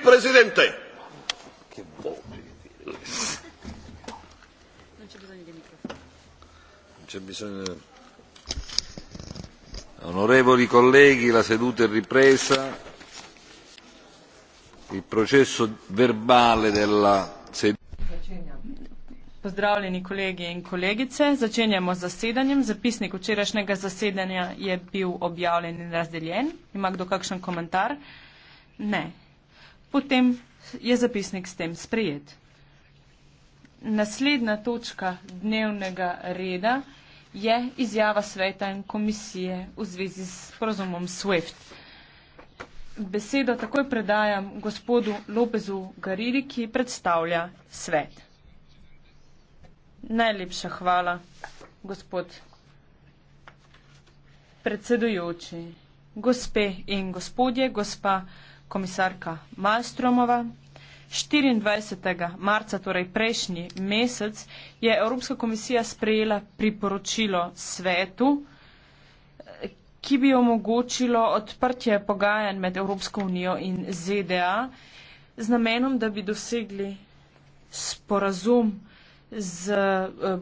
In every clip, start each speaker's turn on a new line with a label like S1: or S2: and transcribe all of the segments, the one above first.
S1: presidente. Che voce di dire. Non c'è bisogno di microfono. Non c'è bisogno.
S2: Onorevoli colleghi, la seduta è ripresa.
S1: Il processo verbale della
S3: Pozdravljeni kolegi in kolegice. Začenjamo z zasedanjem. Zapisnik včerajšnjega zasedanja je bil objavljen in razdeljen. Ima kdo kakšen komentar? Ne potem je zapisnik s tem sprejet. Naslednja točka dnevnega reda je izjava sveta in komisije v zvezi s sporozumom SWIFT. Besedo takoj predajam gospodu Lopezu Garidi, ki predstavlja svet. Najlepša hvala, gospod predsedujoči, gospe in gospodje, gospa komisarka Malstromova. 24. marca, torej prejšnji mesec, je Evropska komisija sprejela priporočilo svetu, ki bi omogočilo odprtje pogajanj med Evropsko unijo in ZDA z namenom, da bi dosegli sporazum z eh,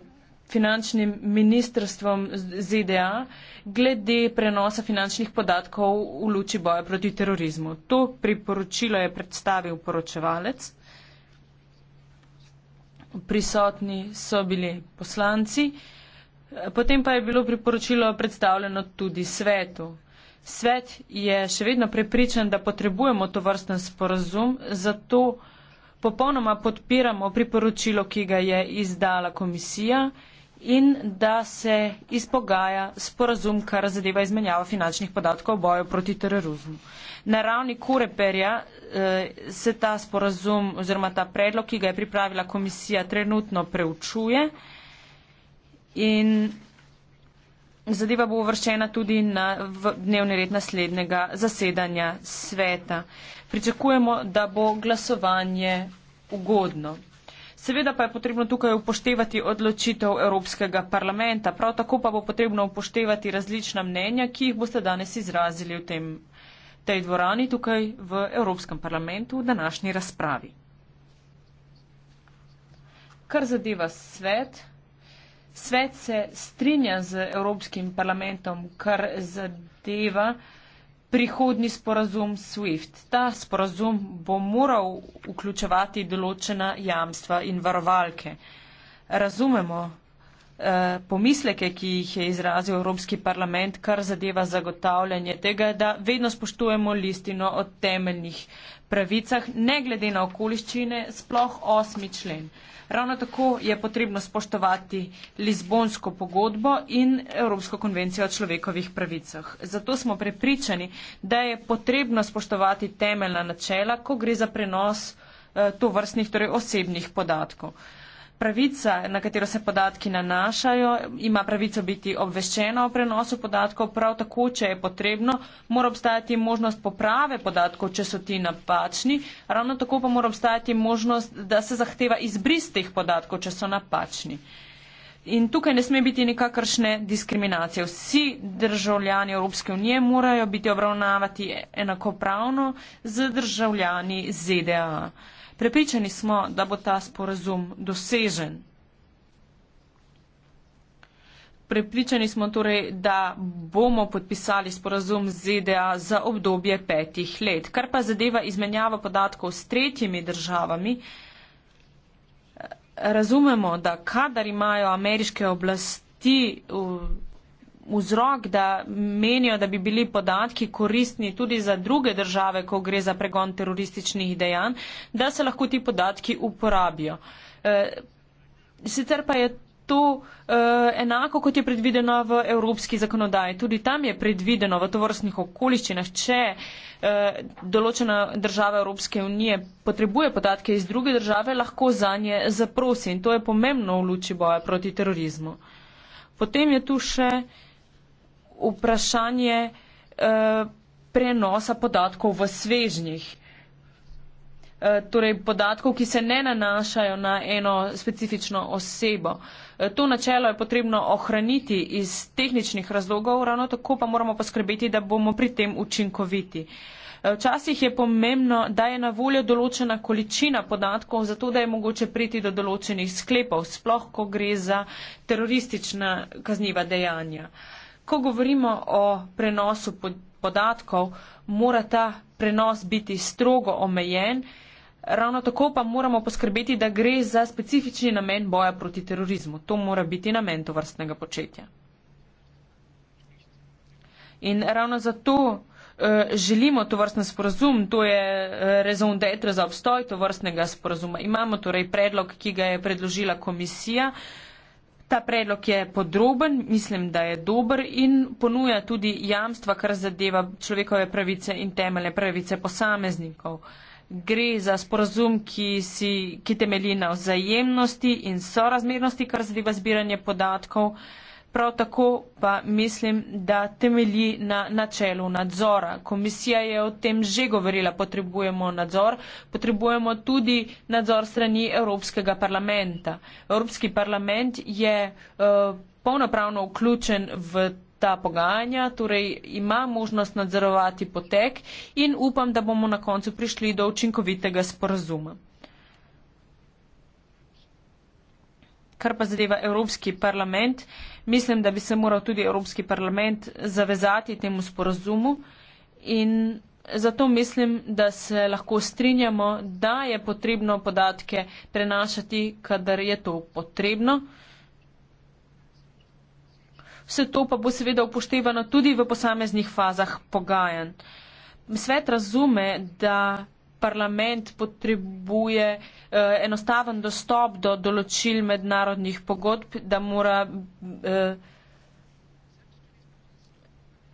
S3: finančnim ministrstvom ZDA, glede prenosa finančnih podatkov v luči boja proti terorizmu. To priporočilo je predstavil poročevalec. Prisotni so bili poslanci. Potem pa je bilo priporočilo predstavljeno tudi svetu. Svet je še vedno prepričan, da potrebujemo to vrsten sporazum, zato popolnoma podpiramo priporočilo, ki ga je izdala komisija in da se izpogaja sporazum, kar zadeva izmenjava finančnih podatkov o boju proti terorizmu. Na ravni Kureperja eh, se ta sporazum oziroma ta predlog, ki ga je pripravila komisija, trenutno preučuje in zadeva bo uvrščena tudi na dnevni red naslednjega zasedanja sveta. Pričakujemo, da bo glasovanje ugodno. Seveda pa je potrebno tukaj upoštevati odločitev Evropskega parlamenta, prav tako pa bo potrebno upoštevati različna mnenja, ki jih boste danes izrazili v tem, tej dvorani tukaj v Evropskem parlamentu v današnji razpravi. Kar zadeva svet, svet se strinja z Evropskim parlamentom, kar zadeva prihodni sporazum SWIFT. Ta sporazum bo moral vključevati določena jamstva in varovalke. Razumemo, Eh, pomisleke, ki jih je izrazil Evropski parlament, kar zadeva zagotavljanje tega, da vedno spoštujemo listino o temeljnih pravicah, ne glede na okoliščine, sploh osmi člen. Ravno tako je potrebno spoštovati Lizbonsko pogodbo in Evropsko konvencijo o človekovih pravicah. Zato smo prepričani, da je potrebno spoštovati temeljna načela, ko gre za prenos eh, to vrstnih, torej osebnih podatkov. Eh, pravica, na katero se podatki nanašajo, ima pravico biti obveščena o prenosu podatkov, prav tako, če je potrebno, mora obstajati možnost poprave podatkov, če so ti napačni, ravno tako pa mora obstajati možnost, da se zahteva izbris teh podatkov, če so napačni. In tukaj ne sme biti nikakršne diskriminacije. Vsi državljani Evropske unije morajo biti obravnavati enakopravno z državljani ZDA. Prepričani smo, da bo ta sporazum dosežen. Prepričani smo torej, da bomo podpisali sporazum z ZDA za obdobje petih let. Kar pa zadeva izmenjavo podatkov s tretjimi državami, eh, razumemo, da kadar imajo ameriške oblasti v vzrok, da menijo, da bi bili podatki koristni tudi za druge države, ko gre za pregon terorističnih dejanj, da se lahko ti podatki uporabijo. E, sicer pa je to e, enako, kot je predvideno v evropski zakonodaji. Tudi tam je predvideno v tovrstnih okoliščinah, če e, določena država Evropske unije potrebuje podatke iz druge države, lahko za nje zaprosi. In to je pomembno v luči boja proti terorizmu. Potem je tu še uh, vprašanje eh, prenosa podatkov v svežnjih. Eh, torej podatkov, ki se ne nanašajo na eno specifično osebo. Eh, to načelo je potrebno ohraniti iz tehničnih razlogov, ravno tako pa moramo poskrbeti, da bomo pri tem učinkoviti. Včasih je pomembno, da je na voljo določena količina podatkov, zato da je mogoče priti do določenih sklepov, sploh ko gre za teroristična kazniva dejanja. Uh, Ko govorimo o prenosu podatkov, mora ta prenos biti strogo omejen, ravno tako pa moramo poskrbeti, da gre za specifični namen boja proti terorizmu. To mora biti namen tovrstnega početja. In ravno zato eh, želimo tovrstni sporazum, to je eh, rezon detre za obstoj tovrstnega sporazuma. Imamo torej predlog, ki ga je predložila komisija. Eh, Ta predlog je podroben, mislim, da je dober in ponuja tudi jamstva, kar zadeva človekove pravice in temelje pravice posameznikov. Gre za sporazum, ki, si, ki temelji na vzajemnosti in sorazmernosti, kar zadeva zbiranje podatkov. Uh, Prav tako pa mislim, da temelji na načelu nadzora. Komisija je o tem že govorila, potrebujemo nadzor, potrebujemo tudi nadzor strani Evropskega parlamenta. Evropski parlament je uh, polnopravno vključen v ta pogajanja, torej ima možnost nadzorovati potek in upam, da bomo na koncu prišli do učinkovitega sporazuma. Kar pa zadeva Evropski parlament, uh, mislim, da bi se moral tudi Evropski parlament zavezati temu sporazumu in zato mislim, da se lahko strinjamo, da je potrebno podatke prenašati, kadar je to potrebno. Vse to pa bo seveda upoštevano tudi v posameznih fazah pogajanj. Svet razume, da parlament potrebuje uh, enostaven dostop do določil mednarodnih pogodb, da mora uh,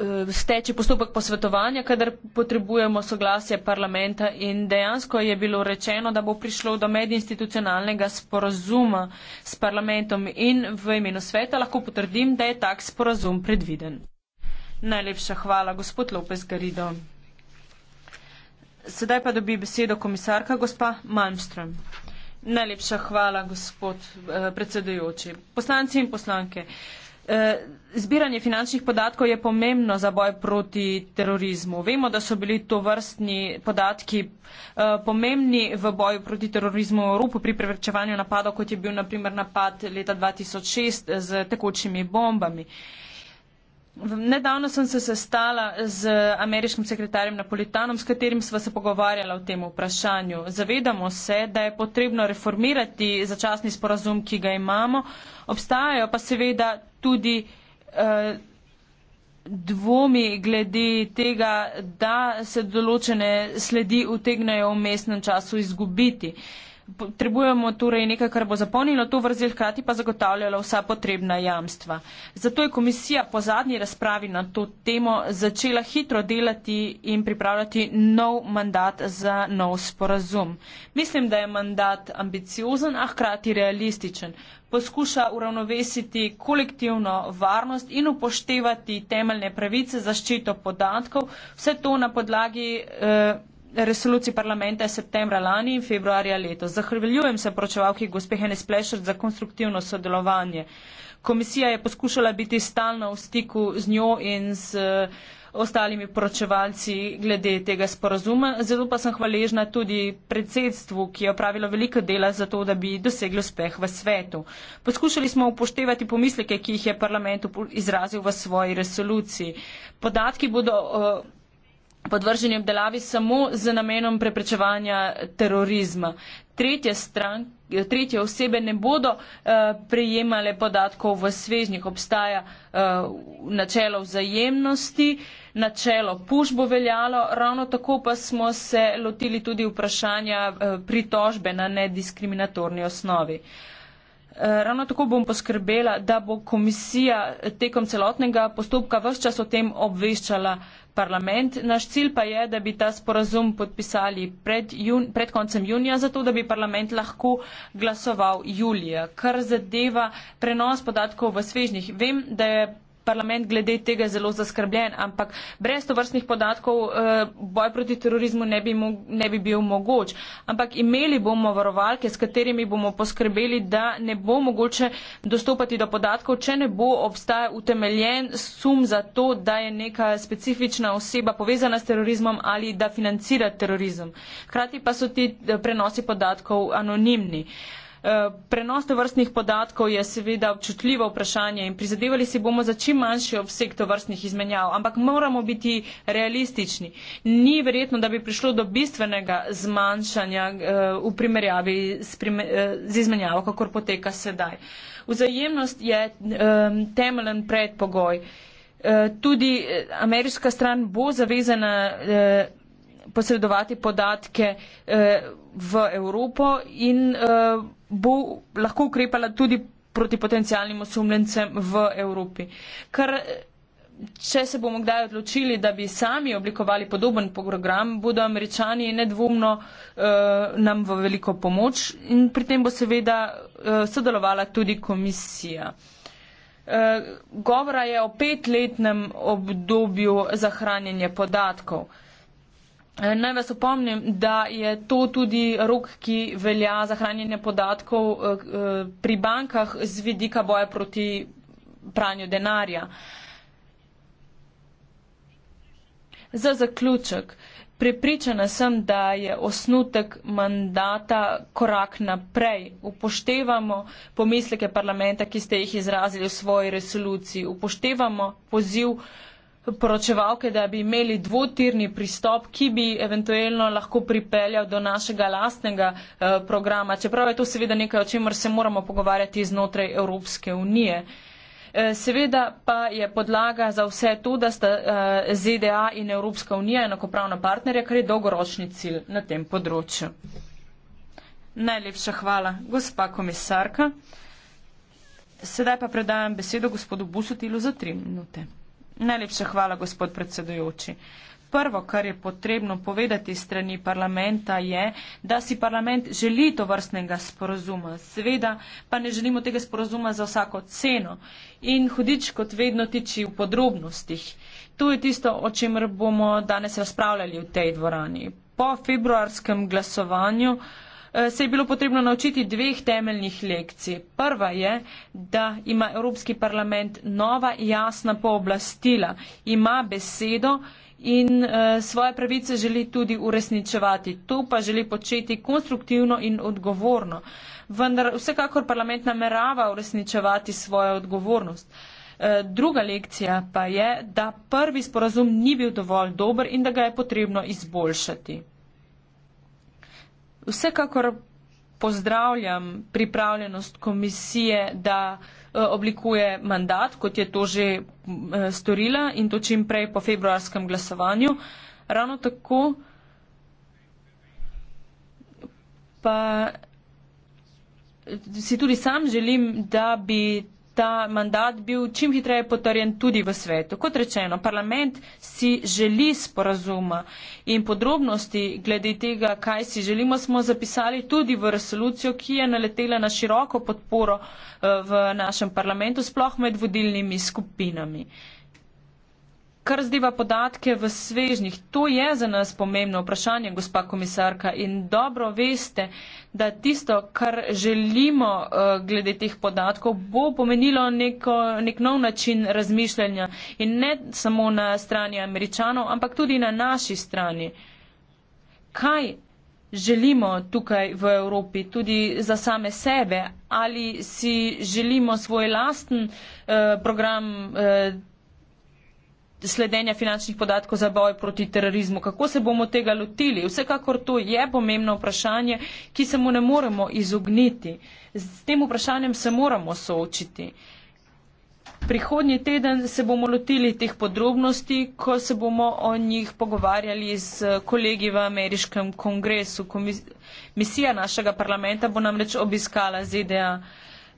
S3: uh, steči postopek posvetovanja, kadar potrebujemo soglasje parlamenta in dejansko je bilo rečeno, da bo prišlo do medinstitucionalnega sporazuma s parlamentom in v imenu sveta lahko potrdim, da je tak sporazum predviden. Najlepša hvala, gospod Lopez Garido. Sedaj pa dobi besedo komisarka gospa Malmström. Najlepša hvala, gospod eh, predsedujoči. Poslanci in poslanke, eh, zbiranje finančnih podatkov je pomembno za boj proti terorizmu. Vemo, da so bili to vrstni podatki eh, pomembni v boju proti terorizmu v Evropi pri preprečevanju napadov, kot je bil naprimer napad leta 2006 z tekočimi bombami. Nedavno sem se sestala z ameriškim sekretarjem Napolitanom, s katerim sva se pogovarjala o tem vprašanju. Zavedamo se, da je potrebno reformirati začasni sporazum, ki ga imamo. Obstajajo pa seveda tudi eh, dvomi glede tega, da se določene sledi utegnejo v mestnem času izgubiti. Eh, Potrebujemo torej nekaj, kar bo zapolnilo to vrzel, hkrati pa zagotavljalo vsa potrebna jamstva. Zato je komisija po zadnji razpravi na to temo začela hitro delati in pripravljati nov mandat za nov sporazum. Mislim, da je mandat ambiciozen, a hkrati realističen. Poskuša uravnovesiti kolektivno varnost in upoštevati temeljne pravice zaščito podatkov. Vse to na podlagi. Eh, resoluciji parlamenta je septembra lani in februarja letos. Zahvaljujem se poročevalki gospe Henes Plešer za konstruktivno sodelovanje. Komisija je poskušala biti stalno v stiku z njo in z eh, ostalimi poročevalci glede tega sporazuma. Zelo pa sem hvaležna tudi predsedstvu, ki je opravilo veliko dela za to, da bi doseglo uspeh v svetu. Poskušali smo upoštevati pomisleke, ki jih je parlament izrazil v svoji resoluciji. Podatki bodo uh, podvrženi obdelavi samo z namenom preprečevanja terorizma. Tretje, stran, tretje osebe ne bodo eh, prejemale podatkov v svežnjih. Obstaja eh, načelo vzajemnosti, načelo puš bo veljalo, ravno tako pa smo se lotili tudi vprašanja eh, pritožbe na nediskriminatorni osnovi. Eh, ravno tako bom poskrbela, da bo komisija tekom celotnega postopka vse čas o tem obveščala uh, parlament. Naš cilj pa je, da bi ta sporazum podpisali pred, jun, pred koncem junija, zato da bi parlament lahko glasoval julija. Kar zadeva prenos podatkov v svežnjih, vem, da je parlament glede tega zelo zaskrbljen, ampak brez to vrstnih podatkov eh, boj proti terorizmu ne bi, ne bi bil mogoč. Ampak imeli bomo varovalke, s katerimi bomo poskrbeli, da ne bo mogoče dostopati do podatkov, če ne bo obstaja utemeljen sum za to, da je neka specifična oseba povezana s terorizmom ali da financira terorizem. Hkrati pa so ti eh, prenosi podatkov anonimni. Uh, Eh, prenos tovrstnih podatkov je seveda občutljivo vprašanje in prizadevali si bomo za čim manjši obseg tovrstnih izmenjav, ampak moramo biti realistični. Ni verjetno, da bi prišlo do bistvenega zmanjšanja eh, v primerjavi eh, z izmenjavo, kakor poteka sedaj. Vzajemnost je temeljen predpogoj. Tudi ameriška stran bo zavezana posredovati podatke eh, v Evropo in eh, bo lahko ukrepala tudi proti potencijalnim osumljencem v Evropi. Kar, če se bomo kdaj odločili, da bi sami oblikovali podoben program, bodo američani nedvomno eh, nam v veliko pomoč in pri tem bo seveda eh, sodelovala tudi komisija. Eh, govora je o petletnem obdobju za hranjenje podatkov. Eh, naj vas opomnim, da je to tudi rok, ki velja za hranjenje podatkov eh, eh, pri bankah z vidika boja proti pranju denarja. Za zaključek, prepričana sem, da je osnutek mandata korak naprej. Upoštevamo pomisleke parlamenta, ki ste jih izrazili v svoji resoluciji. Upoštevamo poziv poročevalke, da bi imeli dvotirni pristop, ki bi eventualno lahko pripeljal do našega lastnega eh, programa. Čeprav je to seveda nekaj, o čemer se moramo pogovarjati znotraj Evropske unije. Eh, seveda pa je podlaga za vse to, da sta eh, ZDA in Evropska unija enakopravna partnerja, kar je dolgoročni cilj na tem področju. Najlepša hvala, gospa komisarka. Sedaj pa predajam besedo gospodu Busutilu za tri minute. Najlepša hvala, gospod predsedujoči. Prvo, kar je potrebno povedati strani parlamenta, je, da si parlament želi to vrstnega sporozuma. Seveda pa ne želimo tega sporozuma za vsako ceno. In hudič kot vedno tiči v podrobnostih. To je tisto, o čemer bomo danes razpravljali v tej dvorani. Po februarskem glasovanju. Eh, se je bilo potrebno naučiti dveh temeljnih lekcij. Prva je, da ima Evropski parlament nova jasna pooblastila, ima besedo in eh, svoje pravice želi tudi uresničevati. To pa želi početi konstruktivno in odgovorno. Vendar vsekakor parlament namerava uresničevati svojo odgovornost. Eh, druga lekcija pa je, da prvi sporazum ni bil dovolj dober in da ga je potrebno izboljšati. Vsekakor pozdravljam pripravljenost komisije, da eh, oblikuje mandat, kot je to že eh, storila in to čim prej po februarskem glasovanju. Ravno tako pa eh, si tudi sam želim, da bi ta mandat bil čim hitreje potrjen tudi v svetu. Kot rečeno, parlament si želi sporazuma in podrobnosti glede tega, kaj si želimo, smo zapisali tudi v resolucijo, ki je naletela na široko podporo eh, v našem parlamentu, sploh med vodilnimi skupinami. Kar zdiva podatke v svežnjih, to je za nas pomembno vprašanje, gospa komisarka, in dobro veste, da tisto, kar želimo eh, glede teh podatkov, bo pomenilo neko, nek nov način razmišljanja in ne samo na strani američanov, ampak tudi na naši strani. Kaj želimo tukaj v Evropi, tudi za same sebe, ali si želimo svoj lasten eh, program. Eh, sledenja finančnih podatkov za boj proti terorizmu. Kako se bomo tega lotili? Vsekakor to je pomembno vprašanje, ki se mu ne moremo izogniti. S tem vprašanjem se moramo soočiti. Prihodnji teden se bomo lotili teh podrobnosti, ko se bomo o njih pogovarjali z kolegi v ameriškem kongresu. Misija našega parlamenta bo namreč obiskala ZDA.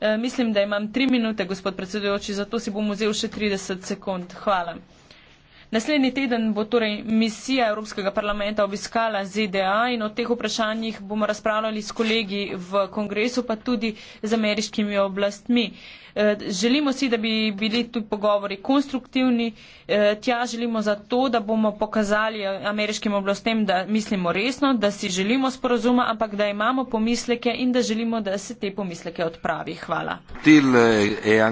S3: E, mislim, da imam tri minute, gospod predsedujoči, zato si bom vzel še 30 sekund. Hvala. Naslednji teden bo torej misija Evropskega parlamenta obiskala ZDA in o teh vprašanjih bomo razpravljali s kolegi v kongresu, pa tudi z ameriškimi oblastmi. E, želimo si, da bi bili tudi pogovori konstruktivni. E, tja želimo zato, da bomo pokazali ameriškim oblastem, da mislimo resno, da si želimo sporozuma, ampak da imamo pomisleke in da želimo, da se te pomisleke odpravi. Hvala.
S2: Eh, e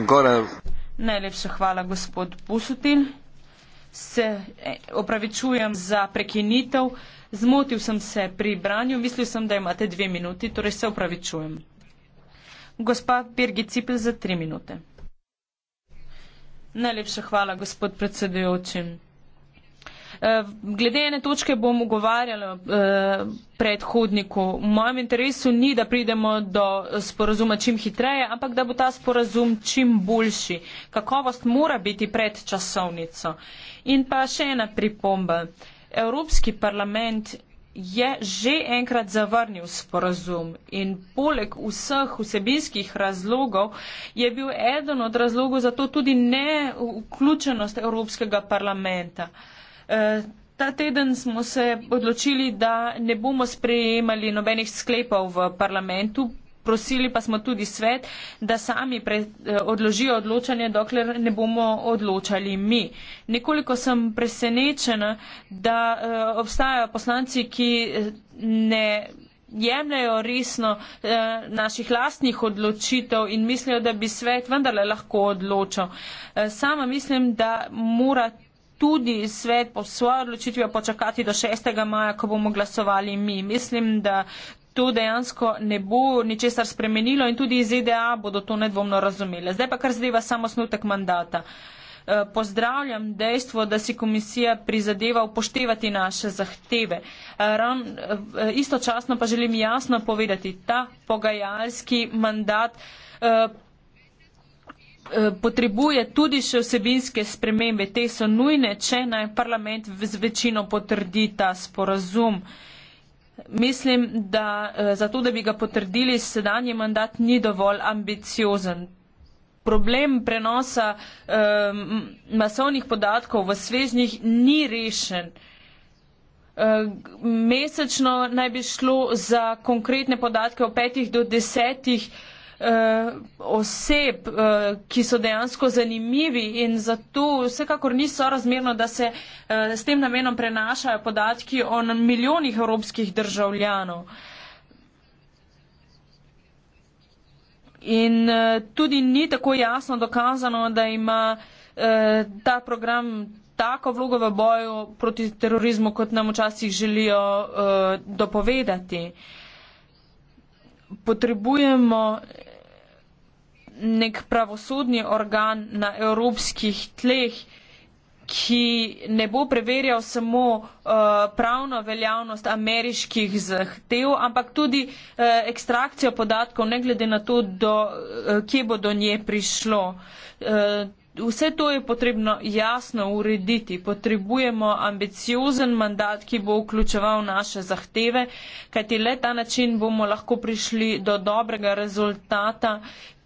S3: Najlepša hvala, gospod Pusutin se eh, opravičujem za prekinitev. Zmotil sem se pri branju, mislil sem, da imate dve minuti, torej se opravičujem. Gospa Birgit Cipel za tri minute. Najlepša hvala, gospod predsedujočim. Eh, glede ene točke bom ugovarjala eh, predhodniku. V mojem interesu ni, da pridemo do sporazuma čim hitreje, ampak da bo ta sporazum čim boljši. Kakovost mora biti pred časovnico. In pa še ena pripomba. Evropski parlament je že enkrat zavrnil sporazum in poleg vseh vsebinskih razlogov je bil eden od razlogov za to tudi neuključenost Evropskega parlamenta. Uh, Eh, ta teden smo se odločili, da ne bomo sprejemali nobenih sklepov v parlamentu. Prosili pa smo tudi svet, da sami eh, odložijo odločanje, dokler ne bomo odločali mi. Nekoliko sem presenečena, da eh, obstajajo poslanci, ki ne jemljajo resno naših lastnih odločitev in mislijo, da bi svet vendarle lahko odločal. Sama mislim, da mora tudi svet po svojo odločitvijo počakati do 6. maja, ko bomo glasovali mi. Mislim, da to dejansko ne bo ničesar spremenilo in tudi iz EDA bodo to nedvomno razumeli. Zdaj pa kar zadeva samo snutek mandata. E, pozdravljam dejstvo, da si komisija prizadeva upoštevati naše zahteve. E, e, istočasno pa želim jasno povedati, ta pogajalski mandat Eh, potrebuje tudi še vsebinske spremembe. Te so nujne, če naj parlament z večino potrdi ta sporazum. Mislim, da eh, zato, da bi ga potrdili, sedanji mandat ni dovolj ambiciozen. Problem prenosa eh, masovnih podatkov v svežnjih ni rešen. Eh, mesečno naj bi šlo za konkretne podatke o petih do desetih eh, Eh, oseb, eh, ki so dejansko zanimivi in zato vsekakor ni sorazmerno, da se eh, s tem namenom prenašajo podatki o milijonih evropskih državljanov. In tudi ni tako jasno dokazano, da ima ta program tako vlogo v boju proti terorizmu, kot nam včasih želijo dopovedati. Potrebujemo nek pravosodni organ na evropskih tleh, ki ne bo preverjal samo uh, pravno veljavnost ameriških zahtev, ampak tudi uh, ekstrakcijo podatkov, ne glede na to, do, uh, kje bo do nje prišlo. Uh, Vse to je potrebno jasno urediti. Potrebujemo ambiciozen mandat, ki bo vključeval naše zahteve, kajti le ta način bomo lahko prišli do dobrega rezultata,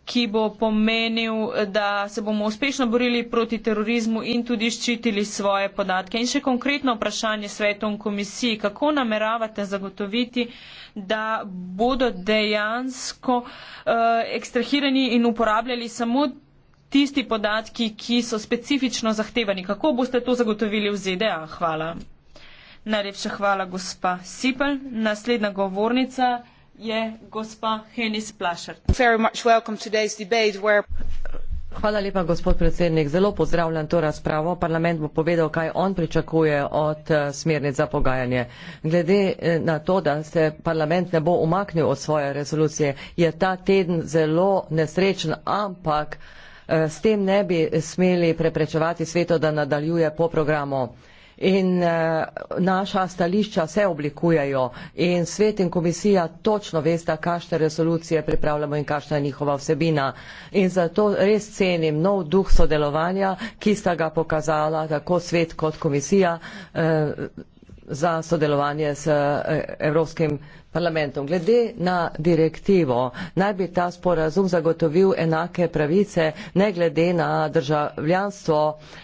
S3: ki bo pomenil, da se bomo uspešno borili proti terorizmu in tudi ščitili svoje podatke. In še konkretno vprašanje svetom komisiji, kako nameravate zagotoviti, da bodo dejansko eh, ekstrahirani in uporabljali samo tisti podatki, ki so specifično zahtevani. Kako boste to zagotovili v ZDA? Hvala. Najlepša hvala, gospa Sipel. Naslednja govornica je gospa Henis Plašert.
S2: Hvala lepa, gospod predsednik. Zelo pozdravljam to razpravo. Parlament bo povedal, kaj on pričakuje od eh, smernic za pogajanje. Glede eh, na to, da se parlament ne bo umaknil od svoje rezolucije, je ta teden zelo nesrečen, ampak eh, s tem ne bi smeli preprečevati svetu, da nadaljuje po programu in uh, naša stališča se oblikujejo in svet in komisija točno veste, kakšne resolucije pripravljamo in kakšna je njihova vsebina. In zato res cenim nov duh sodelovanja, ki sta ga pokazala tako svet kot komisija uh, za sodelovanje s uh, eh, Evropskim parlamentom. Glede na direktivo, naj bi ta sporazum zagotovil enake pravice, ne glede na državljanstvo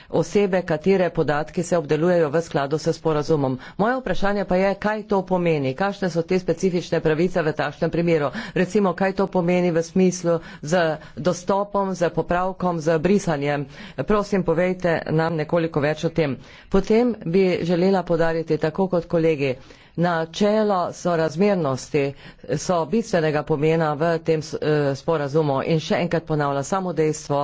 S2: osebe, katere podatki se obdelujejo v skladu s sporazumom. Moje vprašanje pa je, kaj to pomeni, kakšne so te specifične pravice v takšnem primeru. Recimo, kaj to pomeni v smislu z dostopom, z popravkom, z brisanjem. Prosim, povejte nam nekoliko več o tem. Potem bi želela podariti, tako kot kolegi, načela sorazmernosti so bistvenega pomena v tem eh, sporazumu in še enkrat ponavlja samo dejstvo,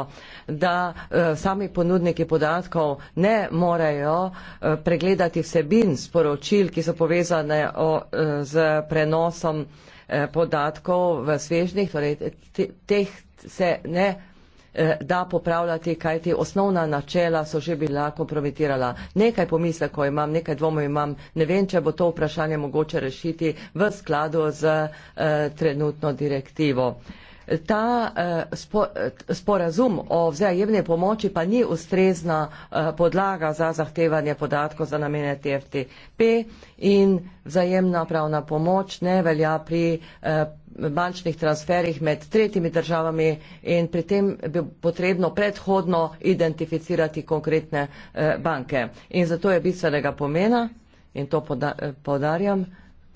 S2: da eh, sami ponudniki podatkov ne morejo eh, pregledati vsebin sporočil, ki so povezane z prenosom podatkov v svežnih, torej teh se ne morejo Eh, da popravljati, kaj ti osnovna načela so že bila kompromitirala. Nekaj pomisle, ko imam, nekaj dvomov imam, ne vem, če bo to vprašanje mogoče rešiti v skladu z eh, trenutno direktivo ta eh, spo, eh, sporazum o vzajemne pomoči pa ni ustrezna eh, podlaga za zahtevanje podatkov za namene TFTP in vzajemna pravna pomoč ne velja pri bančnih transferih med tretjimi državami in pri tem bi potrebno predhodno identificirati konkretne banke. In zato je bistvenega pomena in to poda, podarjam,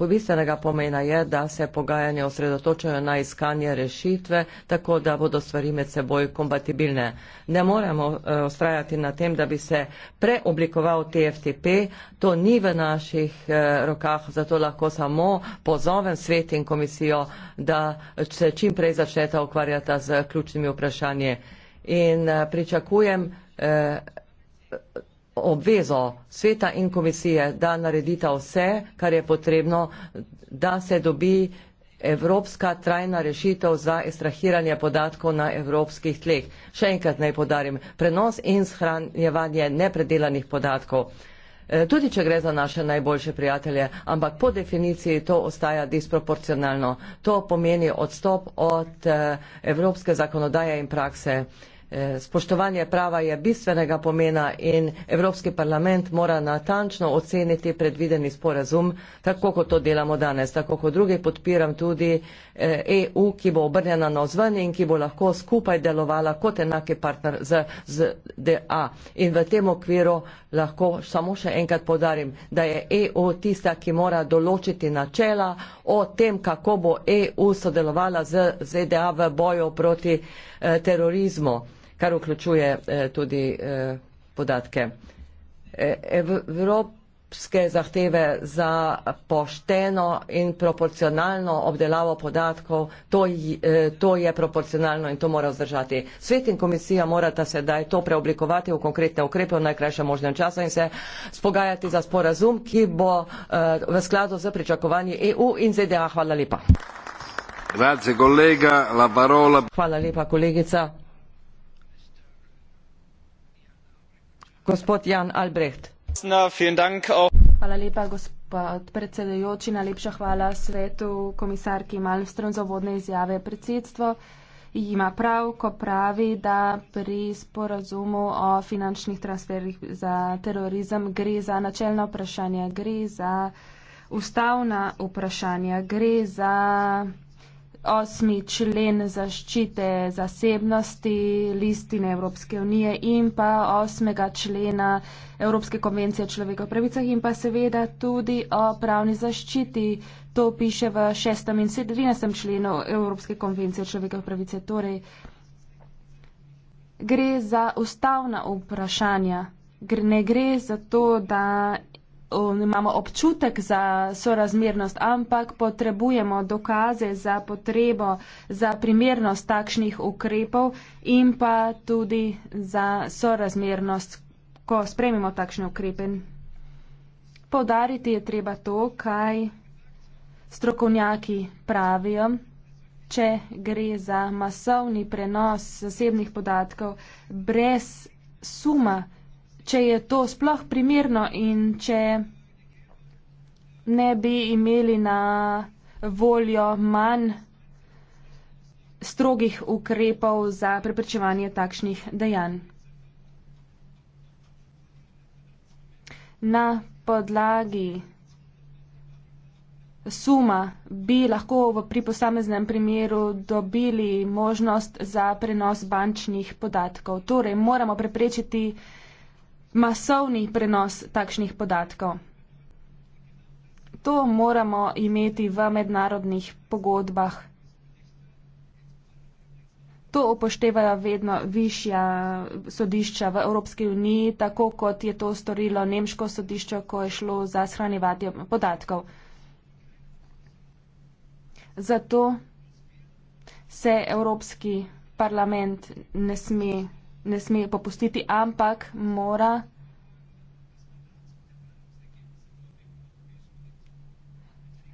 S2: Povistenega pomena je, da se pogajanja osredotočajo na iskanje rešitve, tako da bodo stvari med seboj kompatibilne. Ne moremo ustrajati eh, na tem, da bi se preoblikoval TFTP, to ni v naših eh, rokah, zato lahko samo pozovem svet in komisijo, da se čim prej začneta ukvarjata z ključnimi vprašanji. In eh, pričakujem, obvezo sveta in komisije, da naredita vse, kar je potrebno, da se dobi evropska trajna rešitev za estrahiranje podatkov na evropskih tleh. Še enkrat naj podarim, prenos in shranjevanje nepredelanih podatkov. E, tudi, če gre za naše najboljše prijatelje, ampak po definiciji to ostaja disproporcionalno. To pomeni odstop od e, evropske zakonodaje in prakse. Eh, spoštovanje prava je bistvenega pomena in Evropski parlament mora natančno oceniti predvideni sporazum, tako kot to delamo danes. Tako kot drugi podpiram tudi EU, eh, e ki bo obrnjena na ozven in ki bo lahko skupaj delovala kot enaki partner z ZDA. In v tem okviru lahko samo še enkrat podarim, da je EU tista, ki mora določiti načela o tem, kako bo EU sodelovala z ZDA v boju proti eh, terorizmu kar vključuje eh, tudi eh, podatke. E, evropske zahteve za pošteno in proporcionalno obdelavo podatkov, to, eh, to je proporcionalno in to mora vzdržati. Svet in komisija morata sedaj to preoblikovati v konkretne ukrepe v najkrajšem možnem času in se spogajati za sporazum, ki bo v skladu z pričakovanji EU in ZDA. Hvala lepa.
S4: Grazie, collega. La parola.
S2: Hvala lepa, kolegica.
S4: Hvala lepa, gospod predsedujoči. Najlepša hvala svetu komisarki Malmström za vodne izjave. Predsedstvo ima prav, ko pravi, da pri sporazumu o finančnih transferih za terorizem gre za načelno vprašanje, gre za ustavna vprašanja, gre za osmi člen zaščite zasebnosti listine Evropske unije in pa osmega člena Evropske konvencije o človekovih pravicah in pa seveda tudi o pravni zaščiti. To piše v šestem in sedemnestem členu Evropske konvencije o človekovih pravicah. Torej, gre za ustavna vprašanja. Ne gre za to, da Um, imamo občutek za sorazmernost, ampak potrebujemo dokaze za potrebo, za primernost takšnih ukrepov in pa tudi za sorazmernost, ko sprejmemo takšne ukrepe. Podariti je treba to, kaj strokovnjaki pravijo, če gre za masovni prenos zasebnih podatkov brez suma, če je to sploh primerno in če ne bi imeli na voljo manj strogih ukrepov za preprečevanje takšnih dejanj. Na podlagi suma bi lahko v pri posameznem primeru dobili možnost za prenos bančnih podatkov. Torej, moramo preprečiti uh, masovni prenos takšnih podatkov. To moramo imeti v mednarodnih pogodbah. To upoštevajo vedno višja sodišča v Evropski uniji, tako kot je to storilo nemško sodišče, ko je šlo za shranjevanje podatkov. Zato se Evropski parlament ne sme ne sme popustiti, ampak mora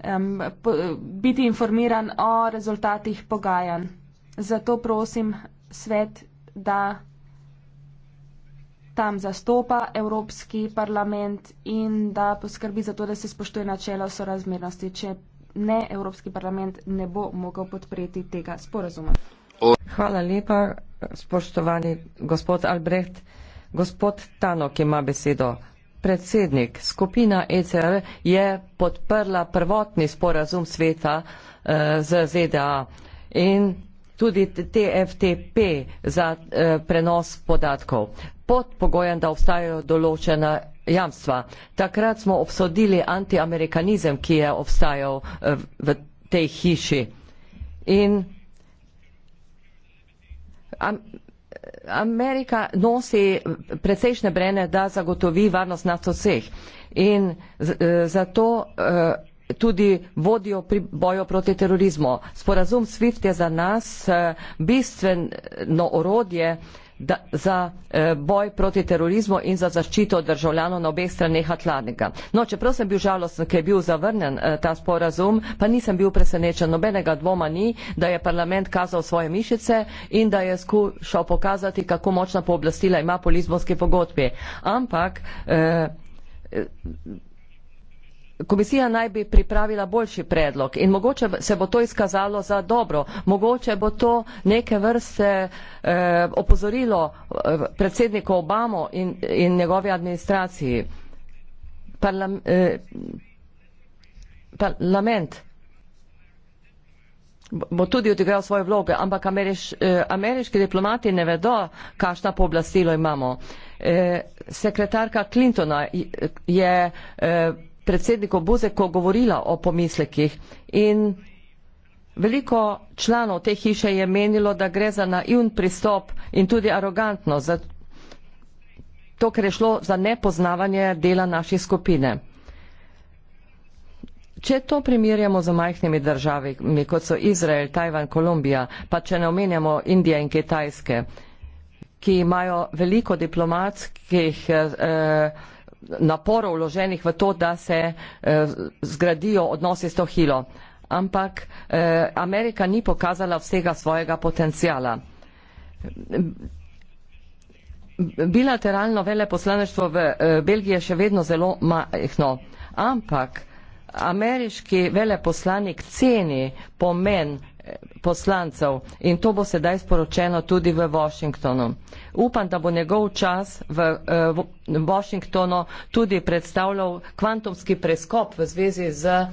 S4: um, biti informiran o rezultatih pogajanj. Zato prosim svet, da tam zastopa Evropski parlament in da poskrbi za to, da se spoštuje načelo sorazmernosti. Če ne, Evropski parlament ne bo mogel podpreti tega sporazuma.
S2: Hvala lepa spoštovani gospod Albreht. Gospod Tanok ima besedo. Predsednik, skupina ECR je podprla prvotni sporazum sveta eh, z ZDA in tudi TFTP za eh, prenos podatkov. Pod pogojem, da obstajajo določena jamstva. Takrat smo obsodili antiamerikanizem, ki je obstajal eh, v tej hiši. In Amerika nosi precejšnje brene, da zagotovi varnost nas vseh in e, zato e, tudi vodijo pri bojo proti terorizmu. Sporazum SWIFT je za nas e, bistveno orodje, da, za eh, boj proti terorizmu in za zaščito državljanov na obeh straneh Atlantika. No, čeprav sem bil žalosten, ker je bil zavrnen eh, ta sporazum, pa nisem bil presenečen. Nobenega dvoma ni, da je parlament kazal svoje mišice in da je skušal pokazati, kako močna pooblastila ima po Lizbonski pogodbi. Ampak. Eh, komisija naj bi pripravila boljši predlog in mogoče se bo to izkazalo za dobro, mogoče bo to neke vrste eh, opozorilo eh, predsedniku Obamo in, in njegovi administraciji. Parlam, eh, parlament bo tudi odigral svoje vloge, ampak ameriš, eh, ameriški diplomati ne vedo, kakšna pooblastilo imamo. Eh, sekretarka Clintona je eh, predsednikom Buzeko govorila o pomislekih in veliko članov te hiše je menilo, da gre za naivn pristop in tudi arogantno za to, ker je šlo za nepoznavanje dela naše skupine. Če to primerjamo z majhnimi državami, kot so Izrael, Tajvan, Kolumbija, pa če ne omenjamo Indije in Kitajske, ki imajo veliko diplomatskih eh, naporov vloženih v to, da se eh, zgradijo odnose s to hilo. Ampak eh, Amerika ni pokazala vsega svojega potencijala. Bilateralno veleposlaništvo v eh, Belgiji je še vedno zelo majhno, ampak ameriški veleposlanik ceni pomen poslancev in to bo sedaj sporočeno tudi v Washingtonu. Upam, da bo njegov čas v, eh, v Washingtonu tudi predstavljal kvantumski preskop v zvezi z eh,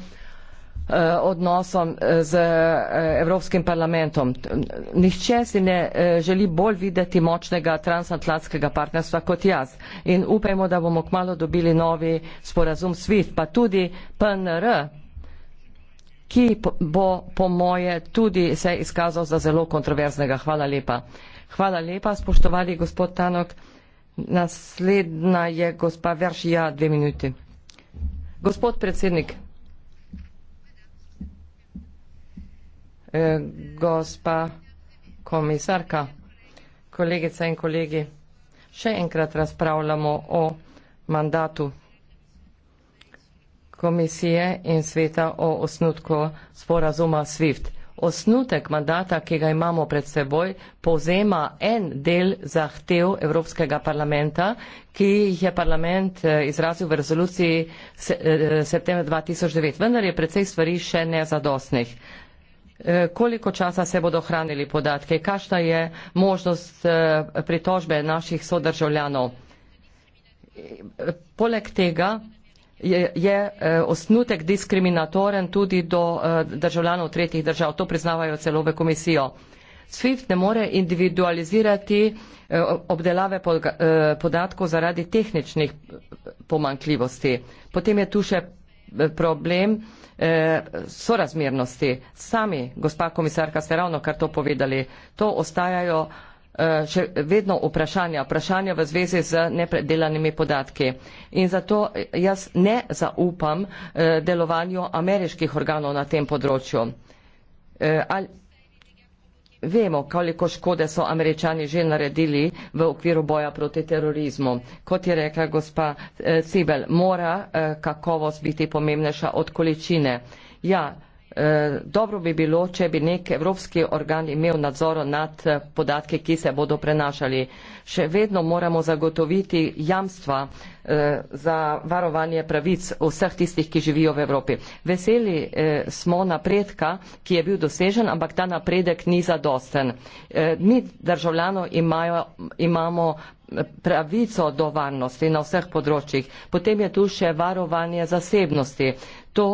S2: odnosom eh, z Evropskim parlamentom. Nihče si ne želi bolj videti močnega transatlantskega partnerstva kot jaz. In upajmo, da bomo kmalo dobili novi sporazum SWIFT, pa tudi PNR, ki bo po moje tudi se izkazal za zelo kontroverznega. Hvala lepa. Hvala lepa, spoštovali gospod Tanok. Naslednja je gospa Veršija, dve minuti. Gospod predsednik. E, gospa komisarka, kolegica in kolegi, še enkrat razpravljamo o mandatu komisije in sveta o osnutku sporazuma SWIFT. Osnutek mandata, ki ga imamo pred seboj, povzema en del zahtev Evropskega parlamenta, ki jih je parlament eh, izrazil v rezoluciji eh, septembra 2009. Vendar je predvsej stvari še nezadostnih. Eh, koliko časa se bodo hranili podatke? Kakšna je možnost pritožbe naših sodržavljanov? Poleg tega je, je e, osnutek diskriminatoren tudi do e, državljanov tretjih držav. To priznavajo celo v komisijo. SWIFT ne more individualizirati e, obdelave podatkov zaradi tehničnih pomankljivosti. Potem je tu še problem sorazmernosti. Sami, gospa komisarka, ste ravno kar to povedali. To ostajajo Eh, še vedno vprašanja, vprašanja v zvezi z nepredelanimi podatki. In zato eh, jaz ne zaupam eh, delovanju ameriških organov na tem področju. Ali Vemo, koliko škode so američani že naredili v okviru boja proti terorizmu. Kot je rekla gospa Cibel, mora kakovost biti pomembnejša od količine. Ja, Eh, dobro bi bilo, če bi nek evropski organ imel nadzor nad eh, podatki, ki se bodo prenašali. Še vedno moramo zagotoviti jamstva, Eh, za varovanje pravic vseh tistih, ki živijo v Evropi. Veseli eh, smo napredka, ki je bil dosežen, ampak ta napredek ni zadosten. Eh, mi državljano imajo, imamo pravico do varnosti na vseh področjih. Potem je tu še varovanje zasebnosti. To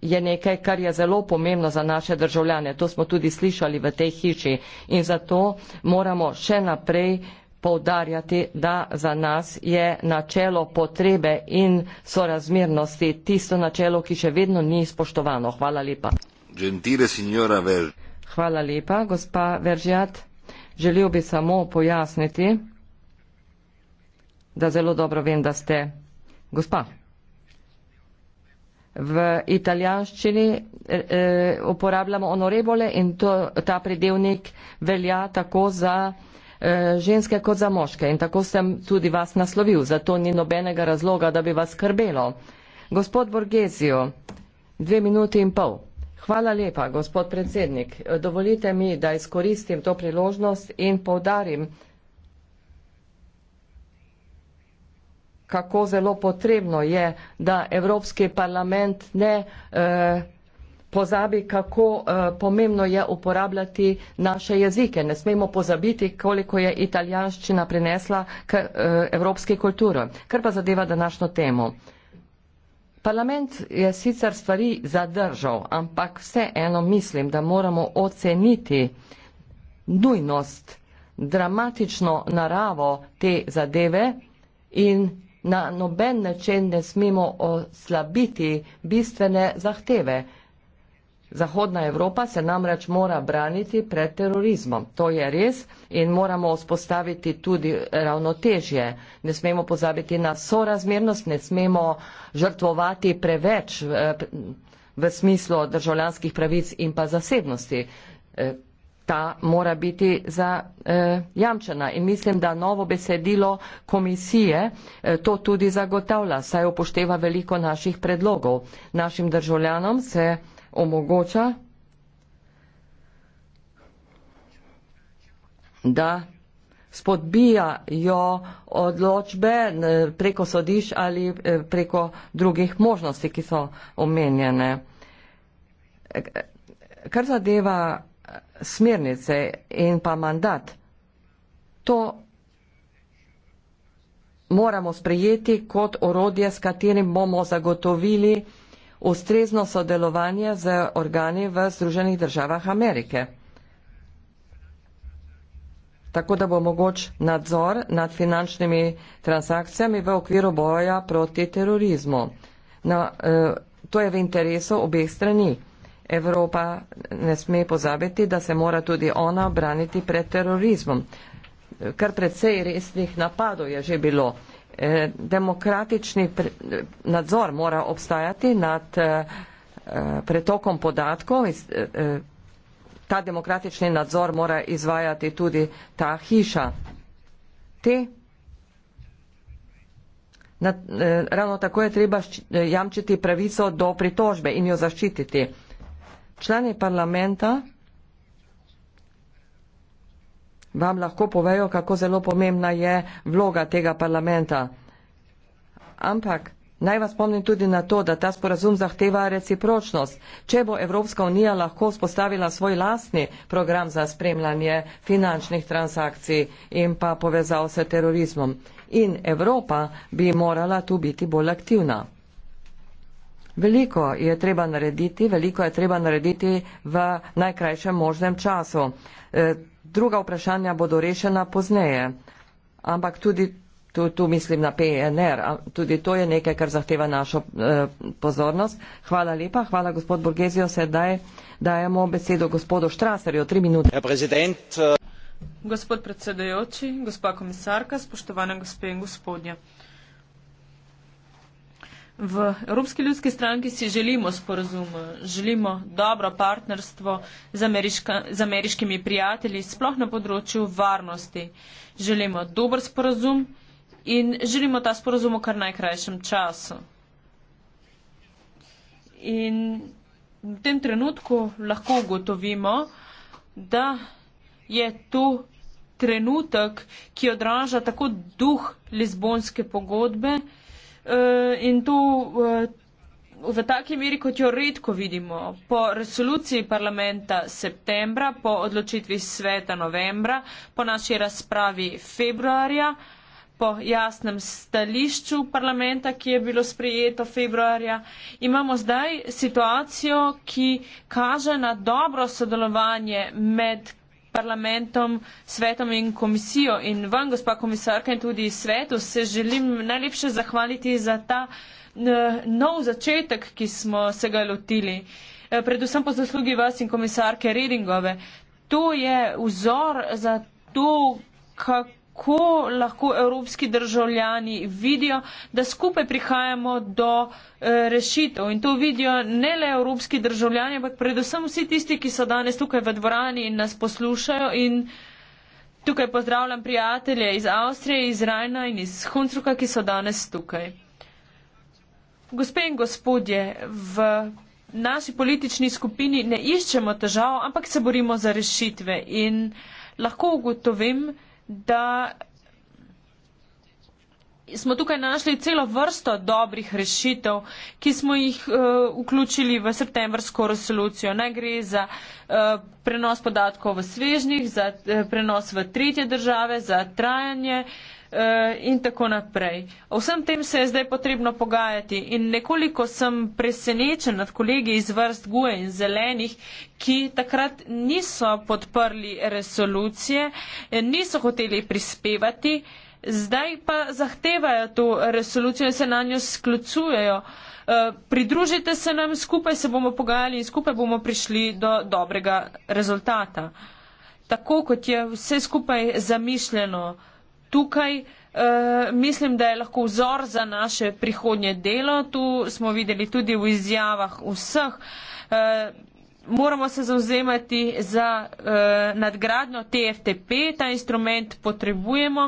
S2: je nekaj, kar je zelo pomembno za naše državljane. To smo tudi slišali v tej hiši in zato moramo še naprej poudarjati, da za nas je načelo potrebe in sorazmernosti tisto načelo, ki še vedno ni spoštovano. Hvala lepa. Hvala lepa, gospa Veržjat. Želel bi samo pojasniti, da zelo dobro vem, da ste gospa. V italijanščini e, uporabljamo onorebole in to, ta pridevnik velja tako za Eh, ženske kot za moške in tako sem tudi vas naslovil, zato ni nobenega razloga, da bi vas skrbelo. Gospod Borgezijo, dve minuti in pol. Hvala lepa, gospod predsednik. Dovolite mi, da izkoristim to priložnost in povdarim, kako zelo potrebno je, da Evropski parlament ne. Eh, pozabi, kako uh, pomembno je uporabljati naše jezike. Ne smemo pozabiti, koliko je italijanščina prinesla k uh, evropski kulturi. Kar pa zadeva današnjo temo. Parlament je sicer stvari zadržal, ampak vseeno mislim, da moramo oceniti nujnost, dramatično naravo te zadeve in na noben način ne smemo oslabiti bistvene zahteve. Zahodna Evropa se namreč mora braniti pred terorizmom, to je res in moramo vzpostaviti tudi ravnotežje. Ne smemo pozabiti na sorazmernost, ne smemo žrtvovati preveč eh, v smislu državljanskih pravic in pa zasebnosti. Eh, ta mora biti za eh, jamčena in mislim, da novo besedilo komisije eh, to tudi zagotavlja, saj upošteva veliko naših predlogov. Našim državljanom se eh, omogoča, da spodbijajo odločbe eh, preko sodiš ali eh, preko drugih možnosti, ki so omenjene. Kar zadeva eh, smernice in pa mandat, to moramo sprejeti kot orodje, s katerim bomo zagotovili ustrezno sodelovanje z organi v Združenih državah Amerike. Tako da bo mogoč nadzor nad finančnimi transakcijami v okviru boja proti terorizmu. Na, eh, to je v interesu obeh strani. Evropa ne sme pozabiti, da se mora tudi ona braniti pred terorizmom. Kar precej resnih napadov je že bilo. Eh, demokratični nadzor mora obstajati nad eh, eh, pretokom podatkov. Ta demokratični nadzor mora izvajati tudi ta hiša. Te ravno tako je treba jamčiti pravico do pritožbe in jo zaščititi. Člani parlamenta vam lahko povejo, kako zelo pomembna je vloga tega parlamenta. Ampak naj vas spomnim tudi na to, da ta sporazum zahteva recipročnost. Če bo Evropska unija lahko spostavila svoj lastni program za spremljanje finančnih transakcij in pa povezal se terorizmom. In Evropa bi morala tu biti bolj aktivna. Veliko je treba narediti, veliko je treba narediti v najkrajšem možnem času. E, druga vprašanja bodo rešena pozneje. Ampak tudi tu, tu mislim na PNR, tudi to je nekaj, kar zahteva našo eh, pozornost. Hvala lepa, hvala gospod Borgezijo, sedaj dajemo besedo gospodu Štraserju, tri minute. Ja,
S3: gospod predsedajoči, gospa komisarka, spoštovane gospe in gospodje. V Evropski ljudski stranki si želimo sporozum, želimo dobro partnerstvo z, ameriška, z ameriškimi prijatelji, sploh na področju varnosti. Želimo dober sporozum in želimo ta sporozum v kar najkrajšem času. In v tem trenutku lahko ugotovimo, da je to trenutek, ki odraža tako duh Lizbonske pogodbe, Eh, in to eh, v taki meri, kot jo redko vidimo. Po resoluciji parlamenta septembra, po odločitvi sveta novembra, po naši razpravi februarja, po jasnem stališču parlamenta, ki je bilo sprejeto februarja, imamo zdaj situacijo, ki kaže na dobro sodelovanje med parlamentom, svetom in komisijo in vam, gospa komisarka in tudi svetu, se želim najlepše zahvaliti za ta nov začetek, ki smo se ga lotili. E, predvsem po zaslugi vas in komisarke Redingove. To je vzor za to, kako kako lahko evropski državljani vidijo, da skupaj prihajamo do eh, rešitev. In to vidijo ne le evropski državljani, ampak predvsem vsi tisti, ki so danes tukaj v dvorani in nas poslušajo. In tukaj pozdravljam prijatelje iz Avstrije, iz Rajna in iz Huncruka, ki so danes tukaj. Gospe in gospodje, v naši politični skupini ne iščemo težav, ampak se borimo za rešitve. In lahko ugotovim, da smo tukaj našli celo vrsto dobrih rešitev, ki smo jih uh, vključili v septembrsko resolucijo. Naj gre za uh, prenos podatkov v svežnih, za uh, prenos v tretje države, za trajanje uh, Eh, in tako naprej. O vsem tem se je zdaj potrebno pogajati in nekoliko sem presenečen nad kolegi iz vrst GUE in zelenih, ki takrat niso podprli resolucije, niso hoteli prispevati, zdaj pa zahtevajo to resolucijo in se na njo sklicujejo. Eh, pridružite se nam, skupaj se bomo pogajali in skupaj bomo prišli do dobrega rezultata. Tako kot je vse skupaj zamišljeno, tukaj uh, mislim, da je lahko vzor za naše prihodnje delo. Tu smo videli tudi v izjavah vseh. Uh, moramo se zauzemati za uh, eh, nadgradno TFTP, ta instrument potrebujemo.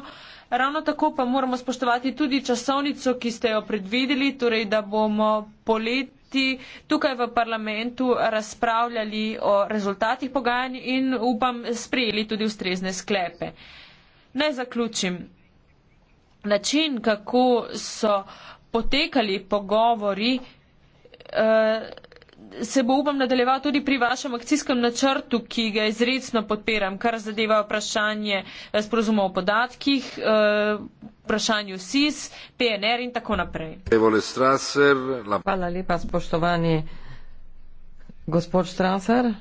S3: Ravno tako pa moramo spoštovati tudi časovnico, ki ste jo predvideli, torej da bomo poleti tukaj v parlamentu razpravljali o rezultatih pogajanj in upam sprejeli tudi ustrezne sklepe. Uh, Naj zaključim. Način, kako so potekali pogovori, eh, se bo upam nadaljeval tudi pri vašem akcijskem načrtu, ki ga izredno podpiram, kar zadeva vprašanje eh, sporozuma o podatkih, eh, vprašanju SIS, PNR in tako naprej.
S2: Hvala lepa, spoštovani gospod Strasser.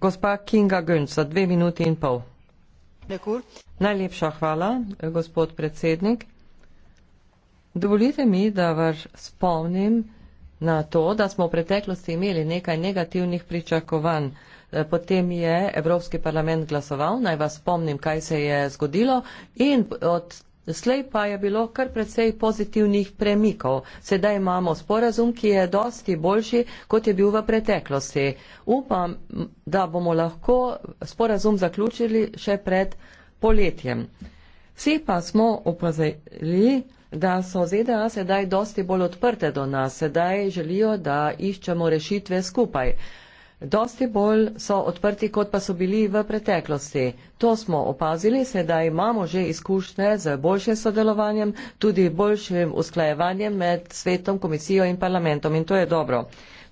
S2: Gospa Kinga Gönca, dve minuti in pol. Najlepša hvala, gospod predsednik. Dovolite mi, da vas spomnim na to, da smo v preteklosti imeli nekaj negativnih pričakovanj. Potem je Evropski parlament glasoval, naj vas spomnim, kaj se je zgodilo in od Slej pa je bilo kar precej pozitivnih premikov. Sedaj imamo sporazum, ki je dosti boljši, kot je bil v preteklosti. Upam, da bomo lahko sporazum zaključili še pred poletjem. Vsi pa smo opazili, da so ZDA sedaj dosti bolj odprte do nas, sedaj želijo, da iščemo rešitve skupaj dosti bolj so odprti, kot pa so bili v preteklosti. To smo opazili, sedaj imamo že izkušnje z boljšim sodelovanjem, tudi boljšim usklajevanjem med svetom, komisijo in parlamentom in to je dobro.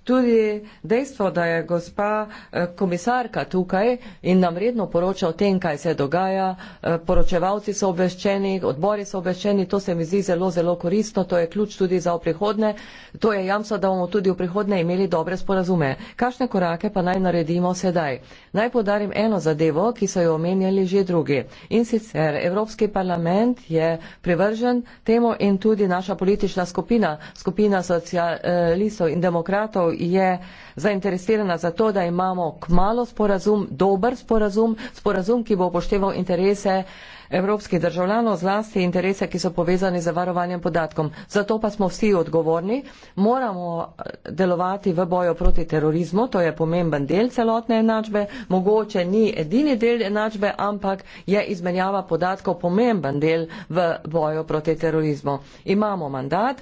S2: Tudi dejstvo, da je gospa eh, komisarka tukaj in nam redno poroča o tem, kaj se dogaja, eh, poročevalci so obveščeni, odbori so obveščeni, to se mi zdi zelo, zelo koristno, to je ključ tudi za prihodne, to je jamstvo, da bomo tudi v prihodne imeli dobre sporazume. Kakšne korake pa naj naredimo sedaj? Naj podarim eno zadevo, ki so jo omenjali že drugi. In sicer Evropski parlament je privržen temu in tudi naša politična skupina, skupina socialistov in demokratov je zainteresirana za to, da imamo kmalo sporazum, dober sporazum, sporazum, ki bo upošteval interese evropskih državljanov, zlasti interese, ki so povezani z varovanjem podatkom. Zato pa smo vsi odgovorni, moramo eh, delovati v boju proti terorizmu, to je pomemben del celotne enačbe, mogoče ni edini del enačbe, ampak je izmenjava podatkov pomemben del v boju proti terorizmu. Imamo mandat.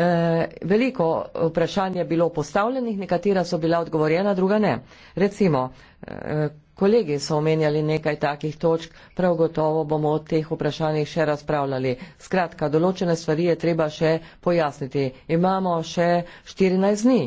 S2: Eh, veliko vprašanj je bilo postavljenih, nekatera so bila odgovorjena, druga ne. Recimo, eh, kolegi so omenjali nekaj takih točk, prav gotovo bomo o teh vprašanjih še razpravljali. Skratka, določene stvari je treba še pojasniti. Imamo še 14 dni.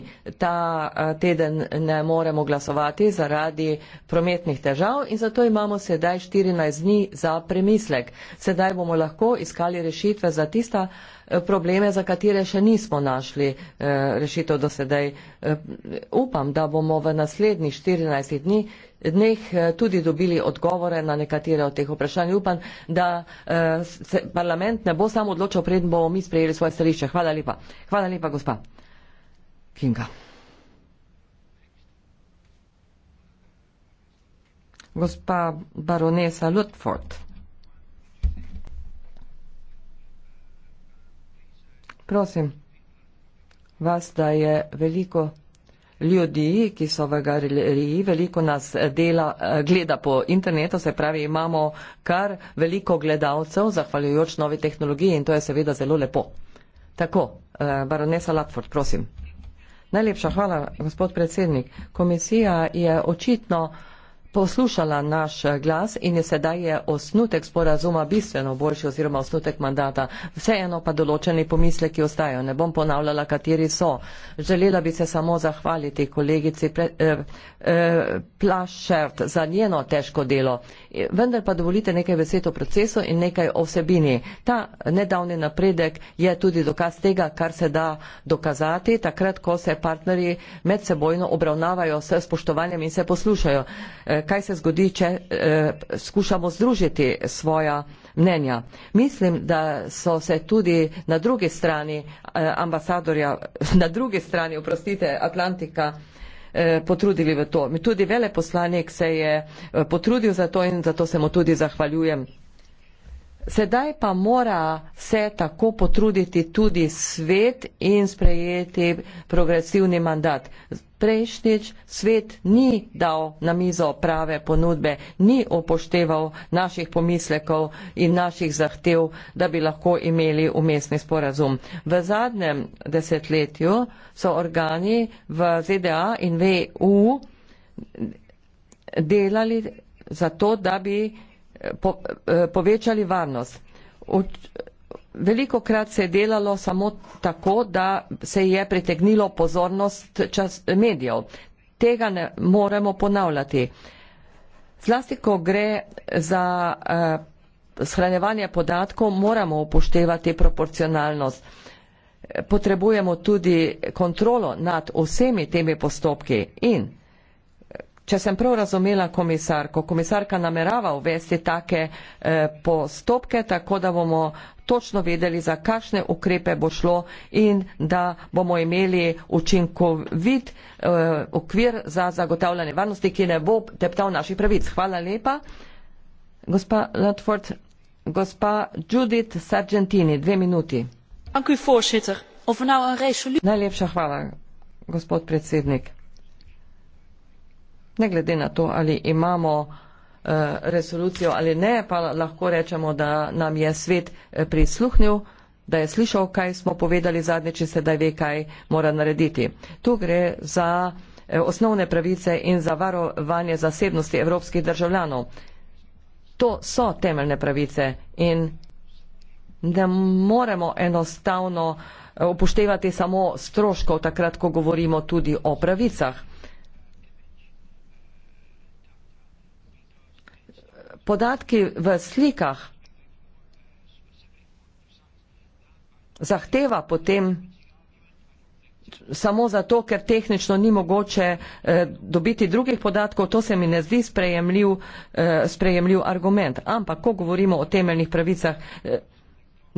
S2: Ta eh, teden ne moremo glasovati zaradi prometnih težav in zato imamo sedaj 14 dni za premislek. Sedaj bomo lahko iskali rešitve za tista, Eh, probleme, za katere še nismo našli eh, rešitev do sedaj. Eh, upam, da bomo v naslednjih 14 dni, dneh tudi dobili odgovore na nekatere od teh vprašanj. Upam, da se parlament ne bo sam odločil, preden bomo mi sprejeli svoje stališče. Hvala lepa. Hvala lepa, gospa Kinga. Gospa baronesa Lutford. prosim vas, da je veliko ljudi, ki so v galeriji, veliko nas dela, gleda po internetu, se pravi, imamo kar veliko gledalcev, zahvaljujoč novi tehnologiji in to je seveda zelo lepo. Tako, eh, baronesa Latford, prosim. Najlepša hvala, gospod predsednik. Komisija je očitno poslušala naš glas in je sedaj je osnutek sporazuma bistveno boljši oziroma osnutek mandata. Vseeno pa določeni pomisleki ostajajo. Ne bom ponavljala, kateri so. Želela bi se samo zahvaliti kolegici pre, eh, eh, Plašert za njeno težko delo. Vendar pa dovolite nekaj besed o procesu in nekaj o vsebini. Ta nedavni napredek je tudi dokaz tega, kar se da dokazati, takrat, ko se partnerji medsebojno obravnavajo s spoštovanjem in se poslušajo. Eh, kaj se zgodi, če eh, skušamo združiti svoja mnenja. Mislim, da so se tudi na drugi strani eh, ambasadorja, na drugi strani, oprostite, Atlantika eh, potrudili v to. Tudi veleposlanik se je potrudil za to in zato se mu tudi zahvaljujem. Sedaj pa mora se tako potruditi tudi svet in sprejeti progresivni mandat. Prejšnjič svet ni dal na mizo prave ponudbe, ni upošteval naših pomislekov in naših zahtev, da bi lahko imeli umestni sporazum. V zadnjem desetletju so organi v ZDA in VU delali za to, da bi po, eh, povečali varnost. Uč, veliko krat se je delalo samo tako, da se je pritegnilo pozornost čas, medijev. Tega ne moremo ponavljati. Zlasti, ko gre za eh, shranjevanje podatkov, moramo upoštevati proporcionalnost. Potrebujemo tudi kontrolo nad vsemi temi postopki in Če sem prav razumela komisarko, komisarka namerava uvesti take e, postopke, tako da bomo točno vedeli, za kakšne ukrepe bo šlo in da bomo imeli učinkovit e, okvir za zagotavljanje varnosti, ki ne bo teptal naših pravic. Hvala lepa. Gospa Ludford, gospa Judith Sargentini, dve minuti. Najlepša hvala, gospod predsednik ne glede na to, ali imamo eh, resolucijo ali ne, pa lahko rečemo, da nam je svet eh, prisluhnil, da je slišal, kaj smo povedali zadnje, če sedaj ve, kaj mora narediti. Tu gre za eh, osnovne pravice in za varovanje zasebnosti evropskih državljanov. To so temeljne pravice in ne moremo enostavno upoštevati samo stroškov, takrat, ko govorimo tudi o pravicah. podatki v slikah zahteva potem samo zato, ker tehnično ni mogoče eh, dobiti drugih podatkov, to se mi ne zdi sprejemljiv, eh, sprejemljiv argument. Ampak, ko govorimo o temeljnih pravicah, eh,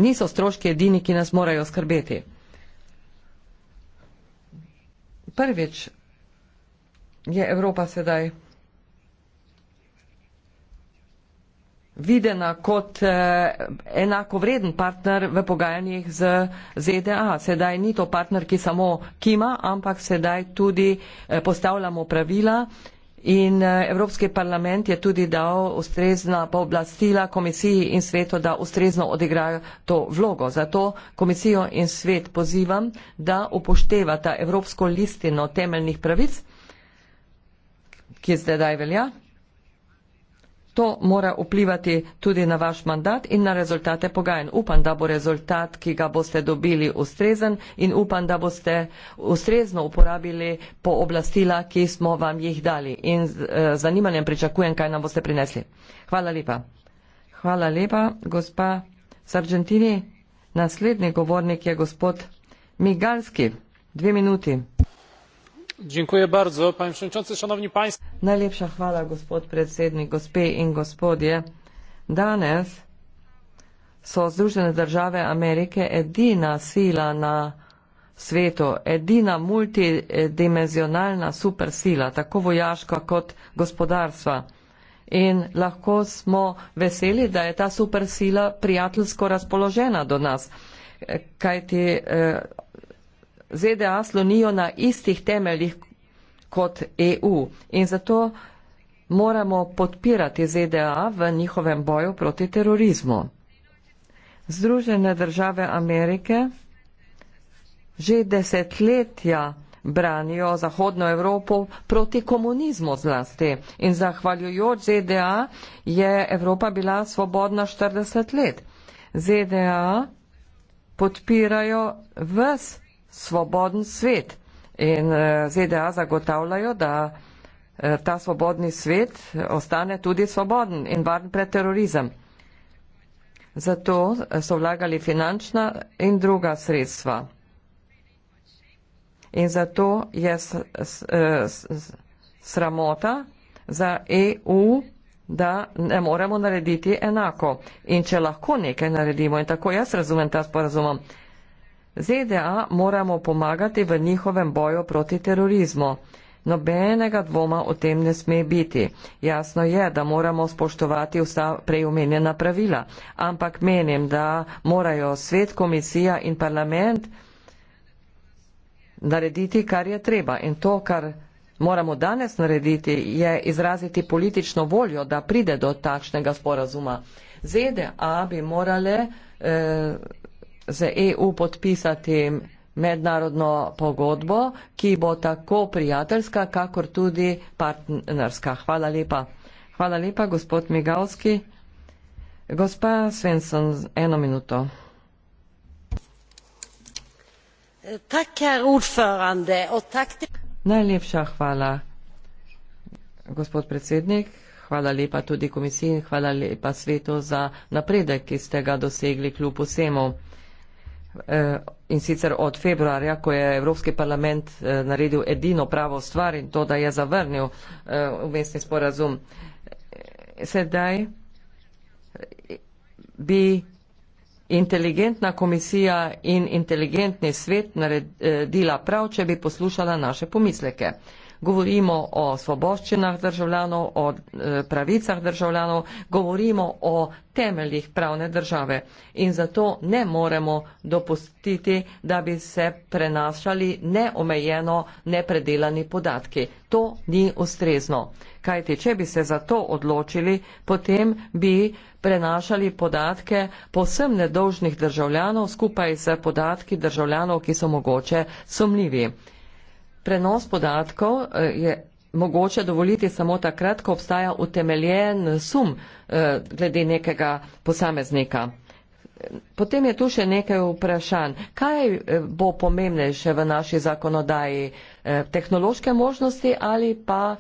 S2: niso stroški edini, ki nas morajo skrbeti. Prvič je Evropa sedaj videna kot eh, enakovreden partner v pogajanjih z ZDA. Sedaj ni to partner, ki samo kima, ampak sedaj tudi eh, postavljamo pravila. In eh, Evropski parlament je tudi dal ustrezna pooblastila komisiji in svetu, da ustrezno odigrajo to vlogo. Zato komisijo in svet pozivam, da upoštevata Evropsko listino temeljnih pravic, ki zdaj velja, To mora vplivati tudi na vaš mandat in na rezultate pogajanj. Upam, da bo rezultat, ki ga boste dobili, ustrezen in upam, da boste ustrezno uporabili pooblastila, ki smo vam jih dali. In eh, z zanimanjem pričakujem, kaj nam boste prinesli. Hvala lepa. Hvala lepa, gospa Sargentini. Naslednji govornik je gospod Migalski. Dve minuti. Najlepša hvala, gospod predsednik, gospe in gospodje. Danes so Združene države Amerike edina sila na svetu, edina multidimenzionalna supersila, tako vojaška kot gospodarstva. In lahko smo veseli, da je ta supersila prijateljsko razpoložena do nas, kajti eh, ZDA slonijo na istih temeljih kot EU in zato moramo podpirati ZDA v njihovem boju proti terorizmu. Združene države Amerike že desetletja branijo Zahodno Evropo proti komunizmu zlasti in zahvaljujoč ZDA je Evropa bila svobodna 40 let. ZDA podpirajo vse svoboden svet. In eh, ZDA zagotavljajo, da eh, ta svobodni svet eh, ostane tudi svoboden in varen pred terorizem. Zato so vlagali finančna in druga sredstva. In zato je sramota za EU, da ne moremo narediti enako. In če lahko nekaj naredimo, in tako jaz razumem ta sporazum, ZDA moramo pomagati v njihovem boju proti terorizmu. Nobenega dvoma o tem ne sme biti. Jasno je, da moramo spoštovati vsa prejomenjena pravila, ampak menim, da morajo svet, komisija in parlament narediti, kar je treba. In to, kar moramo danes narediti, je izraziti politično voljo, da pride do takšnega sporazuma. ZDA bi morale. Eh, z EU podpisati mednarodno pogodbo, ki bo tako prijateljska, kakor tudi partnerska. Hvala lepa. Hvala lepa, gospod Migalski. Gospa Svensson, eno minuto. Najlepša hvala, gospod predsednik. Hvala lepa tudi komisiji in hvala lepa svetu za napredek, ki ste ga dosegli kljub vsemu. Eh, in sicer od februarja, ko je Evropski parlament eh, naredil edino pravo stvar in to, da je zavrnil umestni eh, sporazum. Sedaj bi inteligentna komisija in inteligentni svet naredila prav, če bi poslušala naše pomisleke govorimo o svoboščinah državljanov, o eh, pravicah državljanov, govorimo o temeljih pravne države in zato ne moremo dopustiti, da bi se prenašali neomejeno nepredelani podatki. To ni ustrezno. Kajti, če bi se za to odločili, potem bi prenašali podatke posem nedolžnih državljanov skupaj z podatki državljanov, ki so mogoče sumljivi prenos podatkov eh, je mogoče dovoliti samo takrat, ko obstaja utemeljen sum eh, glede nekega posameznika. Potem je tu še nekaj vprašanj. Kaj eh, bo pomembnejše v naši zakonodaji? Tehnološke možnosti ali pa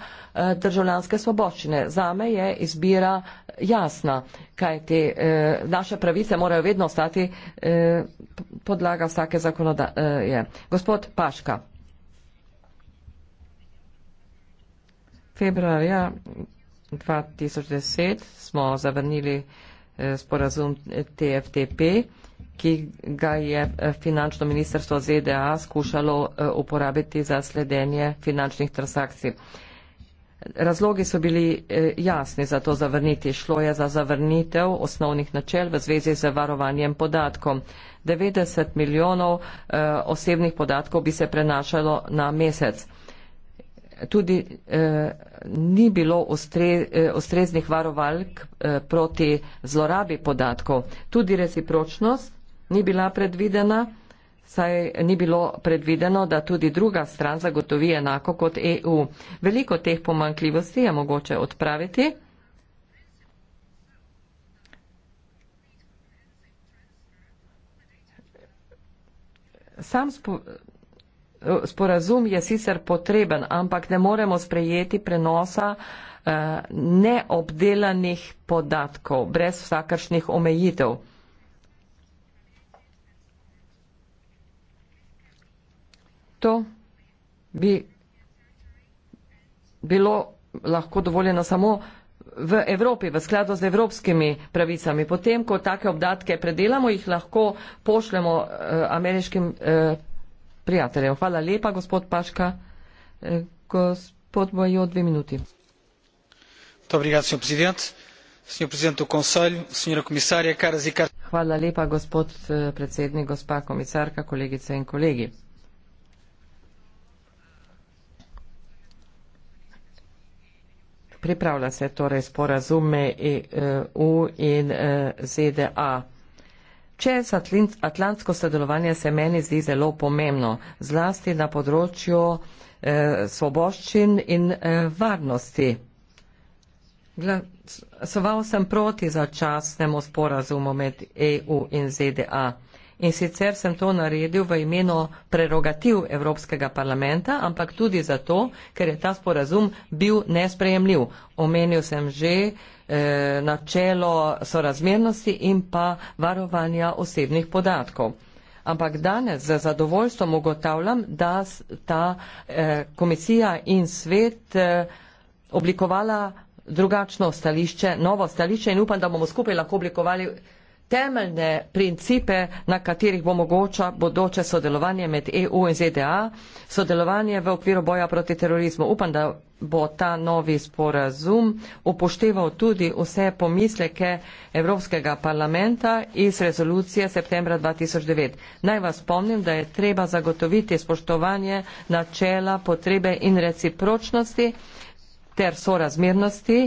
S2: državljanske svoboščine? Zame je izbira jasna, kaj te naše pravice morajo vedno ostati podlaga vsake zakonodaje. Gospod Paška. februarja 2010 smo zavrnili eh, sporazum eh, TFTP, ki ga je eh, finančno ministrstvo ZDA skušalo uporabiti za sledenje finančnih transakcij. Razlogi so bili jasni za to zavrniti. Šlo je za zavrnitev osnovnih načel v zvezi z varovanjem podatkov. 90 milijonov osebnih podatkov bi se prenašalo na mesec tudi eh, ni bilo ustre, eh, ustreznih varovalk eh, proti zlorabi podatkov. Tudi recipročnost ni bila predvidena, saj ni bilo predvideno, da tudi druga stran zagotovi enako kot EU. Veliko teh pomankljivosti je mogoče odpraviti. Sam spo, sporazum je sicer potreben, ampak ne moremo sprejeti prenosa eh, neobdelanih podatkov brez vsakršnih omejitev. To bi bilo lahko dovoljeno samo v Evropi, v skladu z evropskimi pravicami. Potem, ko take obdatke predelamo, jih lahko pošljemo eh, ameriškim eh, prijateljev. Hvala lepa, gospod Paška. E, gospod Bojo, dve minuti.
S1: Obrigado, senjor prezident. Senjor prezident v konsolju, senjora komisarja, kar e zikar.
S2: Hvala lepa, gospod e, predsednik, gospa komisarka, kolegice in kolegi. Pripravlja se torej sporazume EU in ZDA. Čez atlantsko sodelovanje se meni zdi zelo pomembno, zlasti na področju eh, svoboščin in eh, varnosti. Glasoval sem proti začasnemu sporazumu med EU in ZDA. In sicer sem to naredil v imenu prerogativ Evropskega parlamenta, ampak tudi zato, ker je ta sporazum bil nesprejemljiv. Omenil sem že eh, Eh, načelo sorazmernosti in pa varovanja osebnih podatkov. Ampak danes z zadovoljstvom ugotavljam, da ta eh, komisija in svet eh, oblikovala drugačno stališče, novo stališče in upam, da bomo skupaj lahko oblikovali temeljne principe, na katerih bo mogoče bodoče sodelovanje med EU in ZDA, sodelovanje v okviru boja proti terorizmu. Upam, da bo ta novi sporazum upošteval tudi vse pomisleke Evropskega parlamenta iz rezolucije septembra 2009. Naj vas spomnim, da je treba zagotoviti spoštovanje načela potrebe in recipročnosti ter sorazmernosti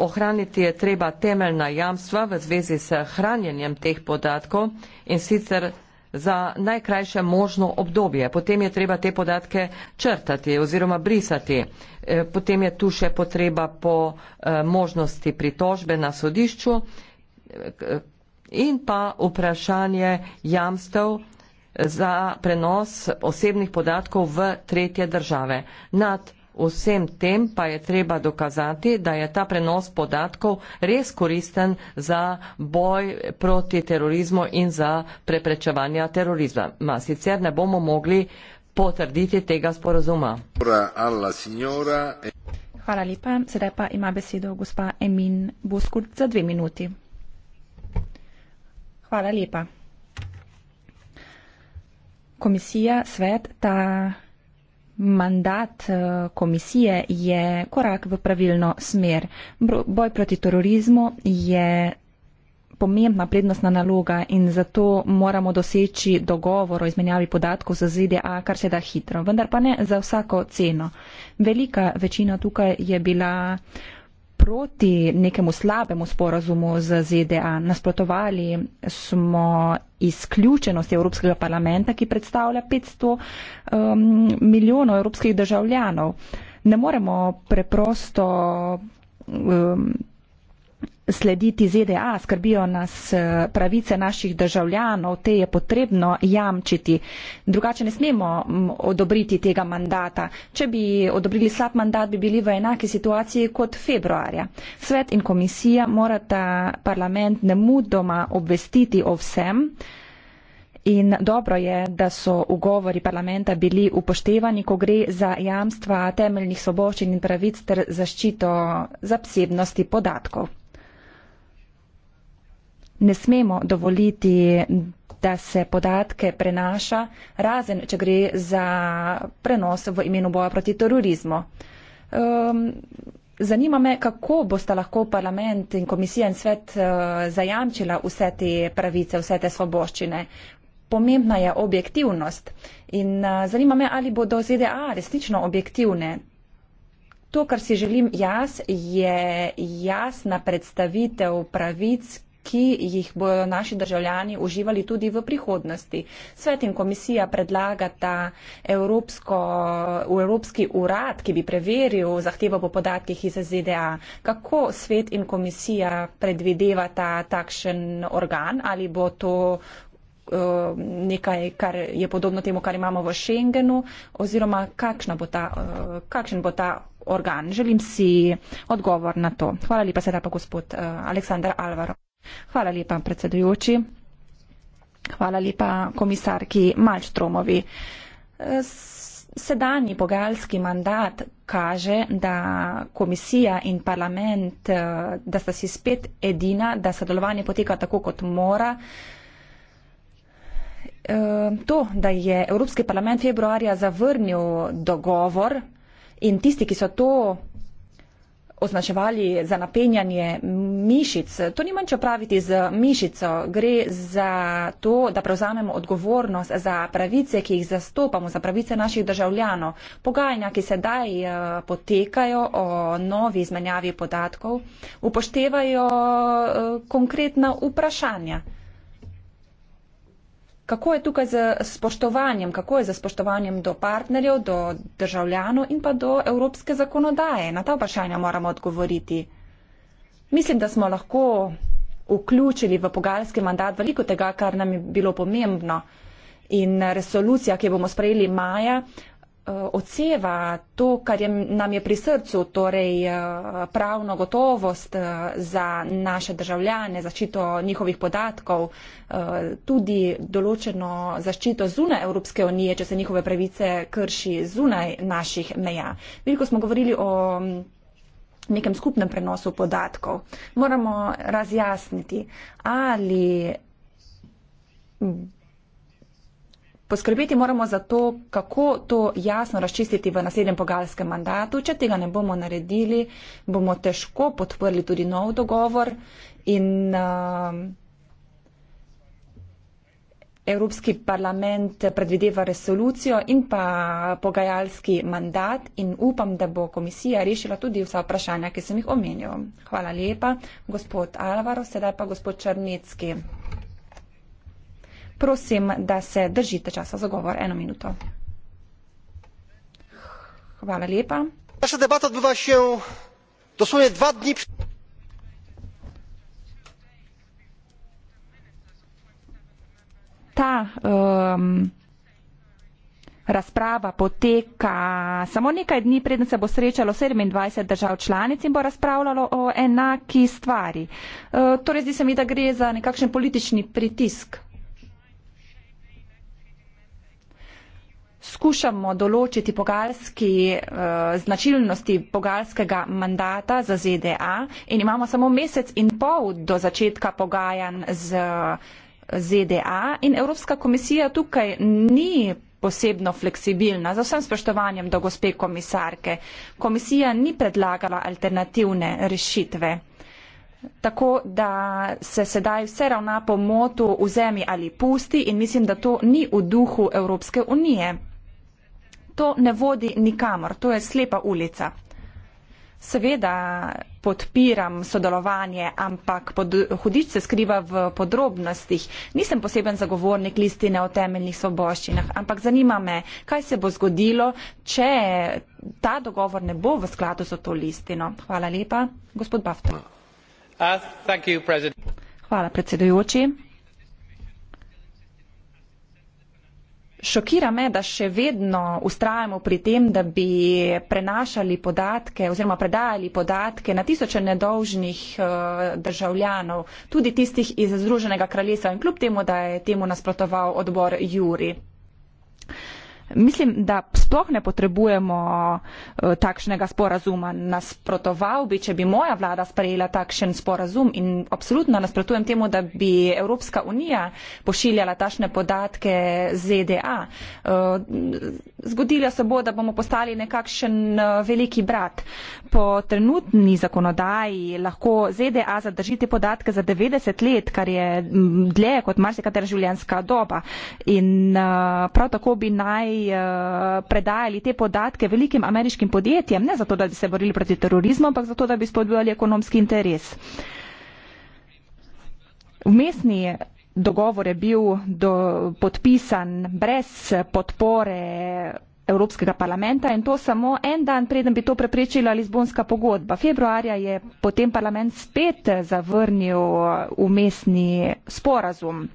S2: ohraniti je treba temeljna jamstva v zvezi s hranjenjem teh podatkov in sicer za najkrajše možno obdobje. Potem je treba te podatke črtati oziroma brisati. E, potem je tu še potreba po e, možnosti pritožbe na sodišču e, in pa vprašanje jamstev za prenos osebnih podatkov v tretje države. Nad vsem tem pa je treba dokazati, da je ta prenos podatkov res koristen za boj proti terorizmu in za preprečevanje terorizma. Ma sicer ne bomo mogli potrditi tega sporozuma.
S5: Hvala lepa. Sedaj pa ima besedo gospa Emin Buskurt za dve minuti. Hvala lepa. Komisija, svet, ta mandat eh, komisije je korak v pravilno smer. Boj proti terorizmu je pomembna prednostna naloga in zato moramo doseči dogovor o izmenjavi podatkov z ZDA kar se da hitro, vendar pa ne za vsako ceno. Velika večina tukaj je bila proti nekemu slabemu sporazumu z ZDA. Nasprotovali smo izključenosti Evropskega parlamenta, ki predstavlja 500 um, milijonov evropskih državljanov. Ne moremo preprosto. Um, slediti ZDA, skrbijo nas eh, pravice naših državljanov, te je potrebno jamčiti. Drugače ne smemo odobriti tega mandata. Če bi odobrili slab mandat, bi bili v enaki situaciji kot februarja. Svet in komisija morata parlament ne mudoma obvestiti o vsem. In dobro je, da so ugovori parlamenta bili upoštevani, ko gre za jamstva temeljnih soboščin in pravic ter zaščito zasebnosti podatkov ne smemo dovoliti, da se podatke prenaša, razen če gre za prenos v imenu boja proti terorizmu. Um, zanima me, kako boste lahko parlament in komisija in svet uh, zajamčila vse te pravice, vse te svoboščine. Pomembna je objektivnost in uh, zanima me, ali bodo ZDA resnično objektivne. To, kar si želim jaz, je jasna predstavitev pravic, ki jih bodo naši državljani uživali tudi v prihodnosti. Svet in komisija predlagata Evropsko, Evropski urad, ki bi preveril zahtevo po podatkih iz ZDA. Kako svet in komisija predvidevata takšen organ ali bo to eh, nekaj, kar je podobno temu, kar imamo v Schengenu, oziroma bo ta, eh, kakšen bo ta organ. Želim si odgovor na to. Hvala lepa sedaj pa gospod eh, Aleksandar Alvaro. Hvala lepa, predsedujoči. Hvala lepa, komisarki Malčtromovi. Sedanji pogajalski mandat kaže, da komisija in parlament, da sta si spet edina, da sodelovanje poteka tako, kot mora. Ehm, to, da je Evropski parlament februarja zavrnil dogovor in tisti, ki so to označevali za napenjanje mišic. To nima nič opraviti z mišico. Gre za to, da prevzamemo odgovornost za pravice, ki jih zastopamo, za pravice naših državljanov. Pogajanja, ki sedaj eh, potekajo o novi izmenjavi podatkov, upoštevajo eh, konkretna vprašanja kako je tukaj z spoštovanjem, kako je z spoštovanjem do partnerjev, do državljanov in pa do evropske zakonodaje. Na ta vprašanja moramo odgovoriti. Mislim, da smo lahko vključili v pogajalski mandat veliko tega, kar nam je bilo pomembno. In resolucija, ki jo bomo sprejeli maja, Eh, odseva to, kar je, nam je pri srcu, torej eh, pravno gotovost eh, za naše državljane, zaščito njihovih podatkov, tudi določeno zaščito zunaj Evropske unije, če se njihove pravice krši zunaj naših meja. Veliko smo govorili o nekem skupnem prenosu podatkov. Moramo razjasniti, ali Poskrbeti moramo za to, kako to jasno razčistiti v naslednjem pogalskem mandatu. Če tega ne bomo naredili, bomo težko potvrli tudi nov dogovor in uh, Evropski parlament predvideva resolucijo in pa pogajalski mandat in upam, da bo komisija rešila tudi vsa vprašanja, ki sem jih omenil. Hvala lepa, gospod Alvaro, sedaj pa gospod Črnecki prosim, da se držite časa za govor. Eno minuto. Hvala lepa. Naša debata odbiva się dosłownie dva dni. Ta um, razprava poteka samo nekaj dni, preden se bo srečalo 27 držav članic in bo razpravljalo o enaki stvari. Uh, torej zdi se mi, da gre za nekakšen politični pritisk. skušamo določiti pogalski uh, eh, značilnosti pogalskega mandata za ZDA in imamo samo mesec in pol do začetka pogajanj z eh, ZDA in Evropska komisija tukaj ni posebno fleksibilna. Za vsem spoštovanjem do gospe komisarke, komisija ni predlagala alternativne rešitve. Tako da se sedaj vse ravna po motu vzemi ali pusti in mislim, da to ni v duhu Evropske unije to ne vodi nikamor, to je slepa ulica. Seveda podpiram sodelovanje, ampak pod, hudič se skriva v podrobnostih. Nisem poseben zagovornik listine o temeljnih svoboščinah, ampak zanima me, kaj se bo zgodilo, če ta dogovor ne bo v skladu z to listino. Hvala lepa, gospod Bafta.
S2: Uh,
S5: Hvala predsedujoči. Šokira me, da še vedno ustrajamo pri tem, da bi prenašali podatke oziroma predajali podatke na tisoče nedolžnih eh, državljanov, tudi tistih iz Združenega kraljestva in kljub temu, da je temu nasprotoval odbor Juri. Mislim, da sploh ne potrebujemo eh, takšnega sporazuma. Nasprotoval bi, če bi moja vlada sprejela takšen sporazum in absolutno nasprotujem temu, da bi Evropska unija pošiljala takšne podatke ZDA. Eh, zgodilo se bo, da bomo postali nekakšen eh, veliki brat. Po trenutni zakonodaji lahko ZDA zadrži te podatke za 90 let, kar je dlje kot marsikatera življenjska doba. In prav tako bi naj uh, predajali te podatke velikim ameriškim podjetjem, ne zato, da bi se borili proti terorizmu, ampak zato, da bi spodbujali ekonomski interes. Vmesni dogovor je bil do, podpisan brez podpore Evropskega parlamenta in to samo en dan, preden bi to preprečila Lizbonska pogodba. Februarja je potem parlament spet zavrnil umestni sporazum.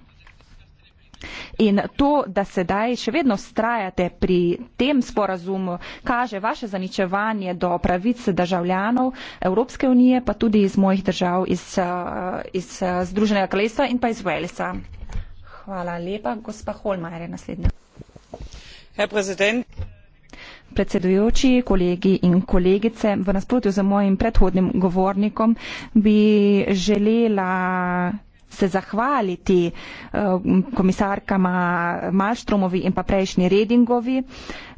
S5: In to, da sedaj še vedno strajate pri tem sporazumu, kaže vaše zaničevanje do pravic državljanov Evropske unije, pa tudi iz mojih držav, iz, eh, iz eh, Združenega kraljestva in pa iz Walesa. Hvala lepa. Gospa Holmajer je naslednja. Predsedujoči, kolegi in kolegice, v nasprotju z mojim predhodnim govornikom bi želela se zahvaliti eh, komisarkama Malstromovi in pa prejšnji Redingovi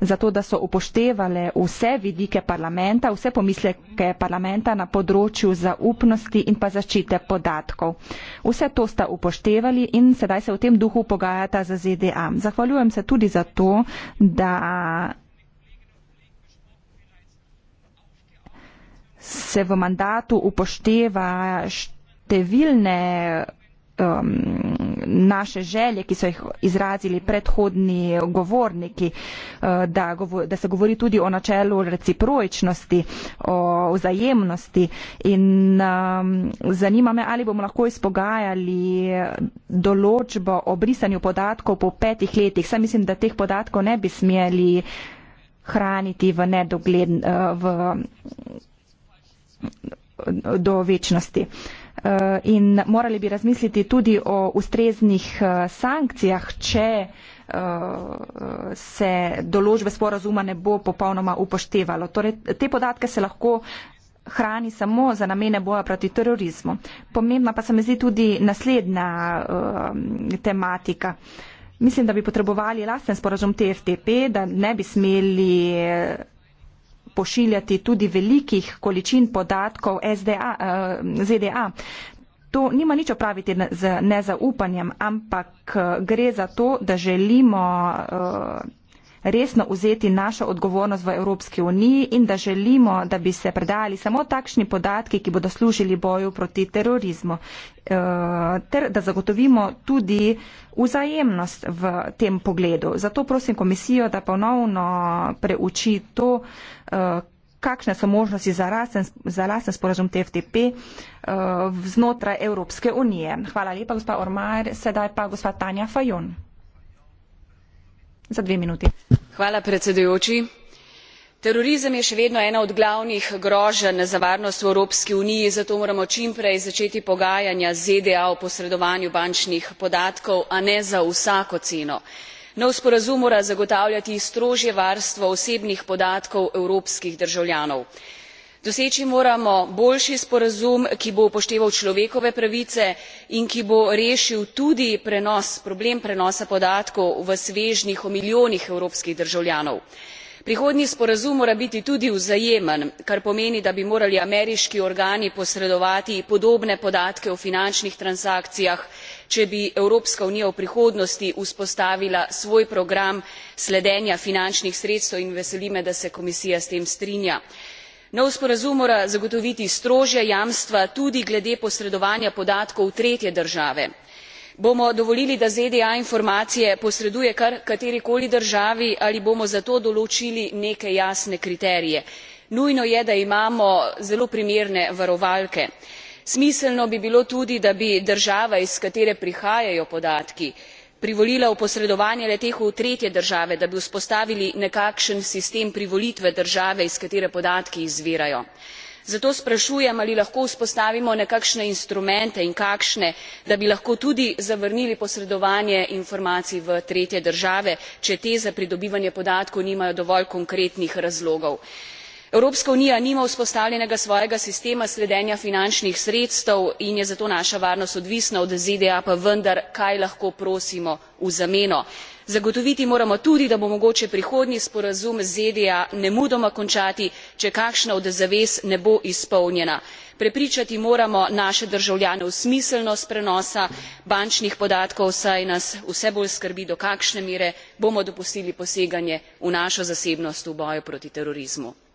S5: za to, da so upoštevale vse vidike parlamenta, vse pomisleke parlamenta na področju zaupnosti in pa zaščite podatkov. Vse to sta upoštevali in sedaj se v tem duhu pogajata za ZDA. Zahvaljujem se tudi za to, da se v mandatu upošteva številne um, naše želje, ki so jih izrazili predhodni govorniki, uh, da, govo da se govori tudi o načelu recipročnosti, o vzajemnosti. In um, zanima me, ali bomo lahko izpogajali določbo o brisanju podatkov po petih letih. Sam mislim, da teh podatkov ne bi smeli hraniti v nedogled. Uh, v, do večnosti. Uh, Eh, in morali bi razmisliti tudi o ustreznih eh, sankcijah, če eh, se določbe sporazuma ne bo popolnoma upoštevalo. Torej, te podatke se lahko hrani samo za namene boja proti terorizmu. Pomembna pa se mi zdi tudi naslednja tematika. Mislim, da bi potrebovali lasten sporazum TFTP, da ne bi smeli pošiljati tudi velikih količin podatkov SDA, eh, ZDA. To nima nič opraviti z nezaupanjem, ampak eh, gre za to, da želimo eh, resno vzeti našo odgovornost v Evropski uniji in da želimo, da bi se predali samo takšni podatki, ki bodo služili boju proti terorizmu, ter da zagotovimo tudi vzajemnost v tem pogledu. Zato prosim komisijo, da ponovno preuči to, Eh, kakšne so možnosti za lasten sporazum TFTP eh, znotraj Evropske unije. Hvala lepa, gospa Ormajer. Sedaj pa gospa Tanja Fajon. Za dve
S1: minuti. Hvala, predsedujoči. Terorizem je še vedno ena od glavnih groženj za varnost v Evropski uniji, zato moramo čimprej začeti pogajanja ZDA o posredovanju bančnih podatkov, a ne za vsako ceno nov sporazum mora zagotavljati strožje varstvo osebnih podatkov evropskih državljanov doseči moramo boljši sporazum ki bo upošteval človekove pravice in ki bo rešil tudi prenos problem prenosa podatkov v svežnjih o milijonih evropskih državljanov prihodnji sporazum mora biti tudi vzajemen kar pomeni da bi morali ameriški organi posredovati podobne podatke o finančnih transakcijah če bi evropska unija v prihodnosti vzpostavila svoj program sledenja finančnih sredstev in veseli me da se komisija s tem strinja. nov sporazum mora zagotoviti strožja jamstva tudi glede posredovanja podatkov v tretje države. bomo dovolili da zda informacije posreduje kar katerikoli državi ali bomo za to določili neke jasne kriterije? nujno je da imamo zelo primerne varovalke smiselno bi bilo tudi da bi država iz katere prihajajo podatki privolila v posredovanje le teh v tretje države da bi vzpostavili nekakšen sistem privolitve države iz katere podatki izvirajo. zato sprašujem ali lahko vzpostavimo nekakšne instrumente in kakšne da bi lahko tudi zavrnili posredovanje informacij v tretje države če te za pridobivanje podatkov nimajo dovolj konkretnih razlogov evropska unija nima vzpostavljenega svojega sistema sledenja finančnih sredstev in je zato naša varnost odvisna od zda pa vendar kaj lahko prosimo v zameno? zagotoviti moramo tudi da bo mogoče prihodnji sporazum z zda nemudoma končati če kakšna od zavez ne bo izpolnjena. prepričati moramo naše državljane v smiselnost prenosa bančnih podatkov saj nas vse bolj skrbi do kakšne mere bomo dopustili poseganje v našo zasebnost v boju proti terorizmu.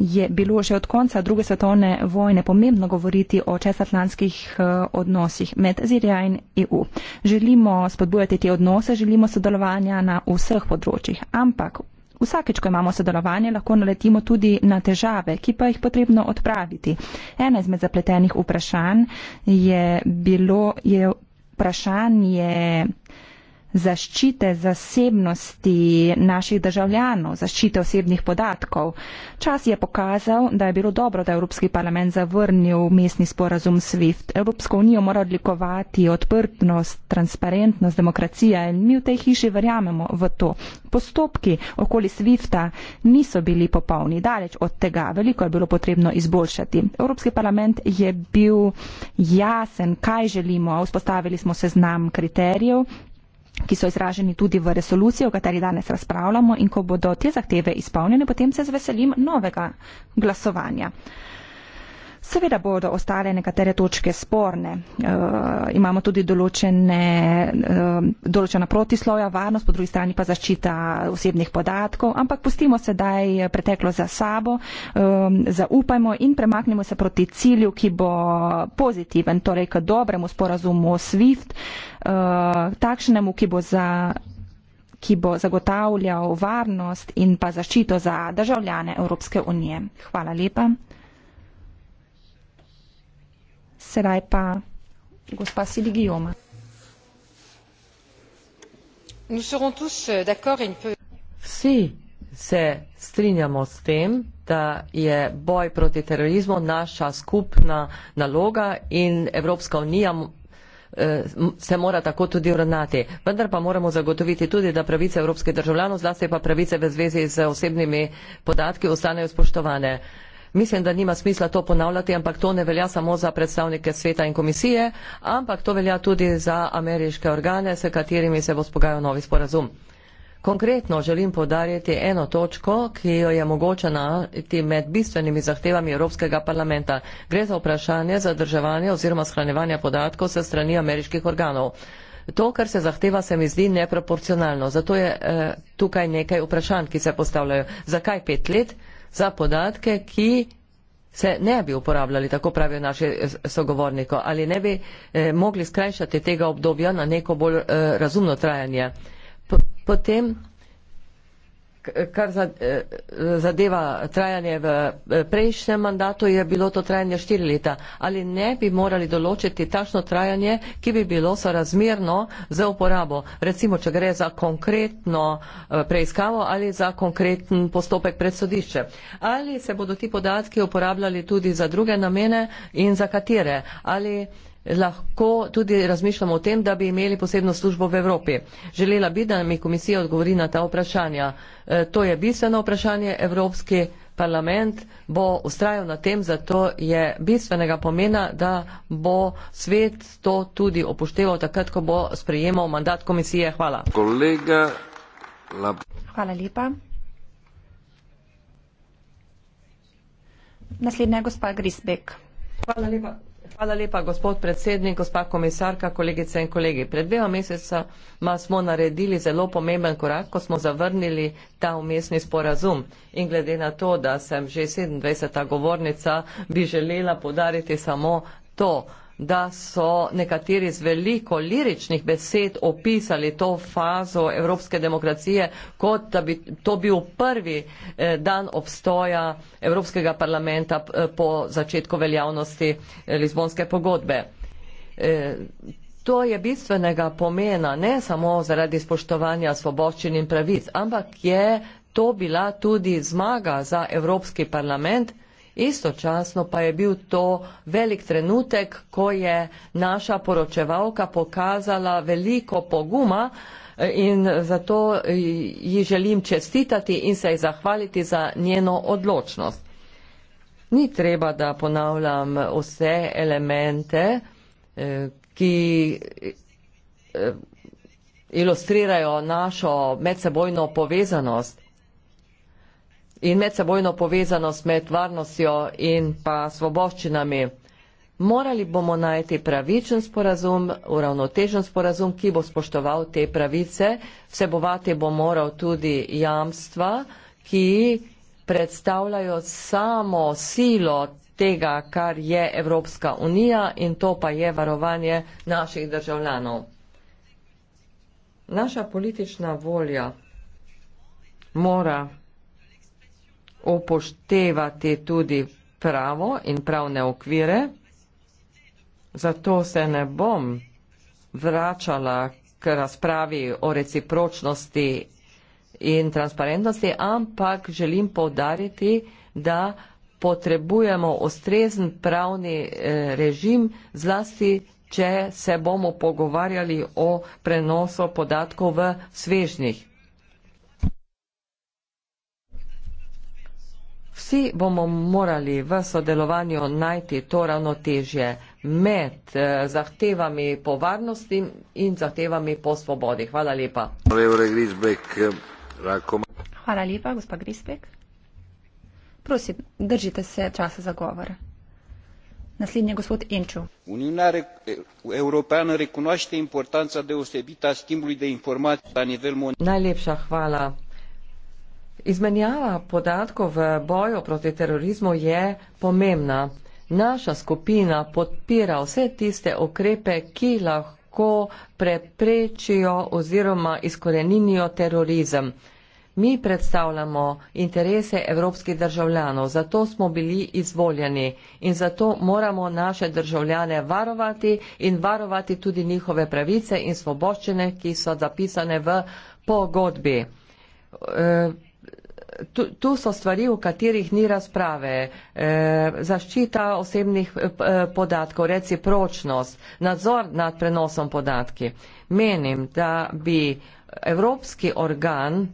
S5: je bilo že od konca druge svetovne vojne pomembno govoriti o čezatlantskih eh, odnosih med ZDA in EU. Želimo spodbujati te odnose, želimo sodelovanja na vseh področjih, ampak vsakeč, ko imamo sodelovanje, lahko naletimo tudi na težave, ki pa jih potrebno odpraviti. Ena izmed zapletenih vprašanj je bilo. Je Vprašanje zaščite zasebnosti naših državljanov, zaščite osebnih podatkov. Čas je pokazal, da je bilo dobro, da je Evropski parlament zavrnil mestni sporazum SWIFT. Evropsko unijo mora odlikovati odprtnost, transparentnost, demokracija in mi v tej hiši verjamemo v to. Postopki okoli SWIFT-a niso bili popolni, daleč od tega, veliko je bilo potrebno izboljšati. Evropski parlament je bil jasen, kaj želimo, vzpostavili smo seznam kriterijev, ki so izraženi tudi v resoluciji, o kateri danes razpravljamo in ko bodo te zahteve izpolnjene, potem se z veselim novega glasovanja. Seveda bodo ostale nekatere točke sporne. E, imamo tudi določene, e, določena protisloja, varnost, po drugi strani pa zaščita osebnih podatkov, ampak pustimo sedaj preteklo za sabo, e, zaupajmo in premaknimo se proti cilju, ki bo pozitiven, torej k dobremu sporazumu SWIFT, e, takšnemu, ki bo za ki bo zagotavljal varnost in pa zaščito za državljane Evropske unije. Hvala lepa. Sedaj pa gospa Sidigijoma.
S2: Euh, Vsi se strinjamo s tem, da je boj proti terorizmu naša skupna naloga in Evropska unija eh, se mora tako tudi ravnati. Vendar pa moramo zagotoviti tudi, da pravice evropskih državljanov, zlasti pa pravice v zvezi z osebnimi podatki, ostanejo spoštovane. Mislim, da nima smisla to ponavljati, ampak to ne velja samo za predstavnike sveta in komisije, ampak to velja tudi za ameriške organe, s katerimi se bo spogajal novi sporazum. Konkretno želim podariti eno točko, ki jo je mogoče najti med bistvenimi zahtevami Evropskega parlamenta. Gre za vprašanje zadrževanja oziroma shranjevanja podatkov se strani ameriških organov. To, kar se zahteva, se mi zdi neproporcionalno. Zato je eh, tukaj nekaj vprašanj, ki se postavljajo. Zakaj pet let? za podatke, ki se ne bi uporabljali, tako pravijo naši eh, sogovorniki, ali ne bi eh, mogli skrajšati tega obdobja na neko bolj eh, razumno trajanje. P potem kar eh, zadeva trajanje v eh, prejšnjem mandatu, je bilo to trajanje štiri leta. Ali ne bi morali določiti tašno trajanje, ki bi bilo sorazmerno za uporabo, recimo, če gre za konkretno eh, preiskavo ali za konkreten postopek pred sodišče. Ali se bodo ti podatki uporabljali tudi za druge namene in za katere? Ali lahko tudi razmišljamo o tem, da bi imeli posebno službo v Evropi. Želela bi, da mi komisija odgovori na ta vprašanja. E, to je bistveno vprašanje. Evropski parlament bo ustrajal na tem, zato je bistvenega pomena, da bo svet to tudi upošteval takrat, ko bo sprejemal mandat komisije. Hvala. Kolega...
S5: Hvala lepa. Naslednja je gospa Grisbek. Hvala lepa.
S2: Hvala lepa, gospod predsednik, gospa komisarka, kolegice in kolegi. Pred dvema mesecema smo naredili zelo pomemben korak, ko smo zavrnili ta umestni sporazum. In glede na to, da sem že 27. govornica, bi želela podariti samo to da so nekateri z veliko liričnih besed opisali to fazo evropske demokracije, kot da bi to bil prvi eh, dan obstoja Evropskega parlamenta eh, po začetku veljavnosti eh, Lizbonske pogodbe. To je bistvenega pomena ne samo zaradi spoštovanja svoboščin in pravic, ampak je to bila tudi zmaga za Evropski parlament, Istočasno pa je bil to velik trenutek, ko je naša poročevalka pokazala veliko poguma eh, in zato ji želim čestitati in se ji zahvaliti za njeno odločnost. Ni treba, da ponavljam vse elemente, eh, ki eh, ilustrirajo našo medsebojno povezanost in medsebojno povezanost med varnostjo in pa svoboščinami. Morali bomo najti pravičen sporazum, uravnotežen sporazum, ki bo spoštoval te pravice. Vsebovati bo moral tudi jamstva, ki predstavljajo samo silo tega, kar je Evropska unija in to pa je varovanje naših državljanov. Naša politična volja mora upoštevati tudi pravo in pravne okvire, zato se ne bom vračala k razpravi o recipročnosti in transparentnosti, ampak želim povdariti, da potrebujemo ustrezen pravni eh, režim, zlasti, če se bomo pogovarjali o prenosu podatkov v svežnih. Vsi bomo morali v sodelovanju najti to ravnotežje med eh, zahtevami po varnosti in zahtevami po svobodi. Hvala lepa.
S5: Hvala lepa, gospa Grisbek. Prosim, držite se časa za govor. Naslednji je gospod Enčov.
S1: Unija Evropana rekonošte e- importanca deosebita stimuli de informacije na nivel mondiala.
S5: Najlepša hvala.
S2: Izmenjava podatkov v boju proti terorizmu je pomembna. Naša skupina podpira vse tiste ukrepe, ki lahko preprečijo oziroma izkoreninijo terorizem. Mi predstavljamo interese evropskih državljanov, zato smo bili izvoljeni in zato moramo naše državljane varovati in varovati tudi njihove pravice in svoboščine, ki so zapisane v pogodbi. E, tu, tu so stvari, v katerih ni razprave. E, zaščita osebnih e, e, podatkov, recipročnost, nadzor nad prenosom podatki. Menim, da bi evropski organ,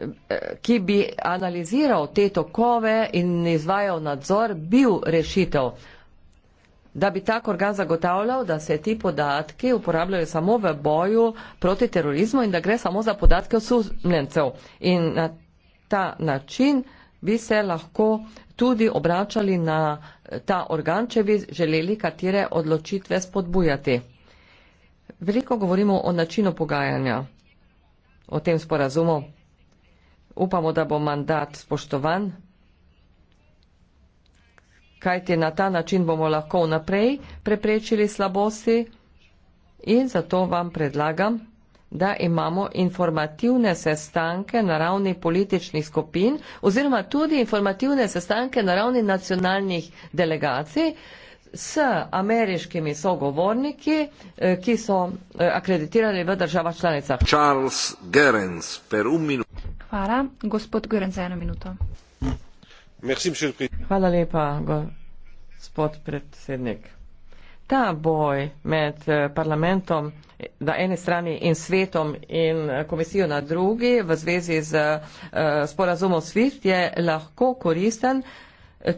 S2: e, ki bi analiziral te tokove in izvajal nadzor, bil rešitev da bi tak organ zagotavljal, da se ti podatki uporabljajo samo v boju proti terorizmu in da gre samo za podatke osumljencev. In na ta način bi se lahko tudi obračali na eh, ta organ, če bi želeli katere odločitve spodbujati. Veliko govorimo o načinu pogajanja, o tem sporazumu. Upamo, da bo mandat spoštovan kajti na ta način bomo lahko vnaprej preprečili slabosti in zato vam predlagam, da imamo informativne sestanke na ravni političnih skupin oziroma tudi informativne sestanke na ravni nacionalnih delegacij s ameriškimi sogovorniki, eh, ki so eh, akreditirani v državah članicah.
S4: Charles Gerens,
S2: per un minuto.
S5: Hvala, gospod Gerens, za eno minuto. Hvala lepa, gospod
S2: predsednik.
S5: Ta boj med
S2: eh, parlamentom na eni strani in svetom in eh, komisijo na drugi v zvezi z eh, sporazumom SWIFT je lahko koristen,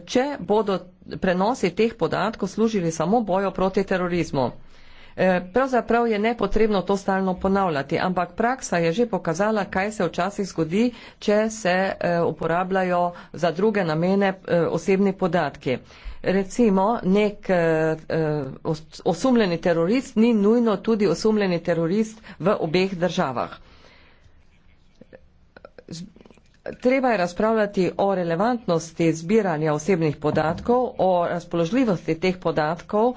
S2: če bodo prenosi teh podatkov služili samo boju proti terorizmu. Eh, pravzaprav je nepotrebno to stalno ponavljati, ampak praksa je že pokazala, kaj se včasih zgodi, če se eh, uporabljajo za druge namene eh, osebni podatki. Recimo, nek osumljeni terorist ni nujno tudi osumljeni terorist v obeh državah. Treba je razpravljati o relevantnosti zbiranja osebnih podatkov, o razpoložljivosti teh podatkov,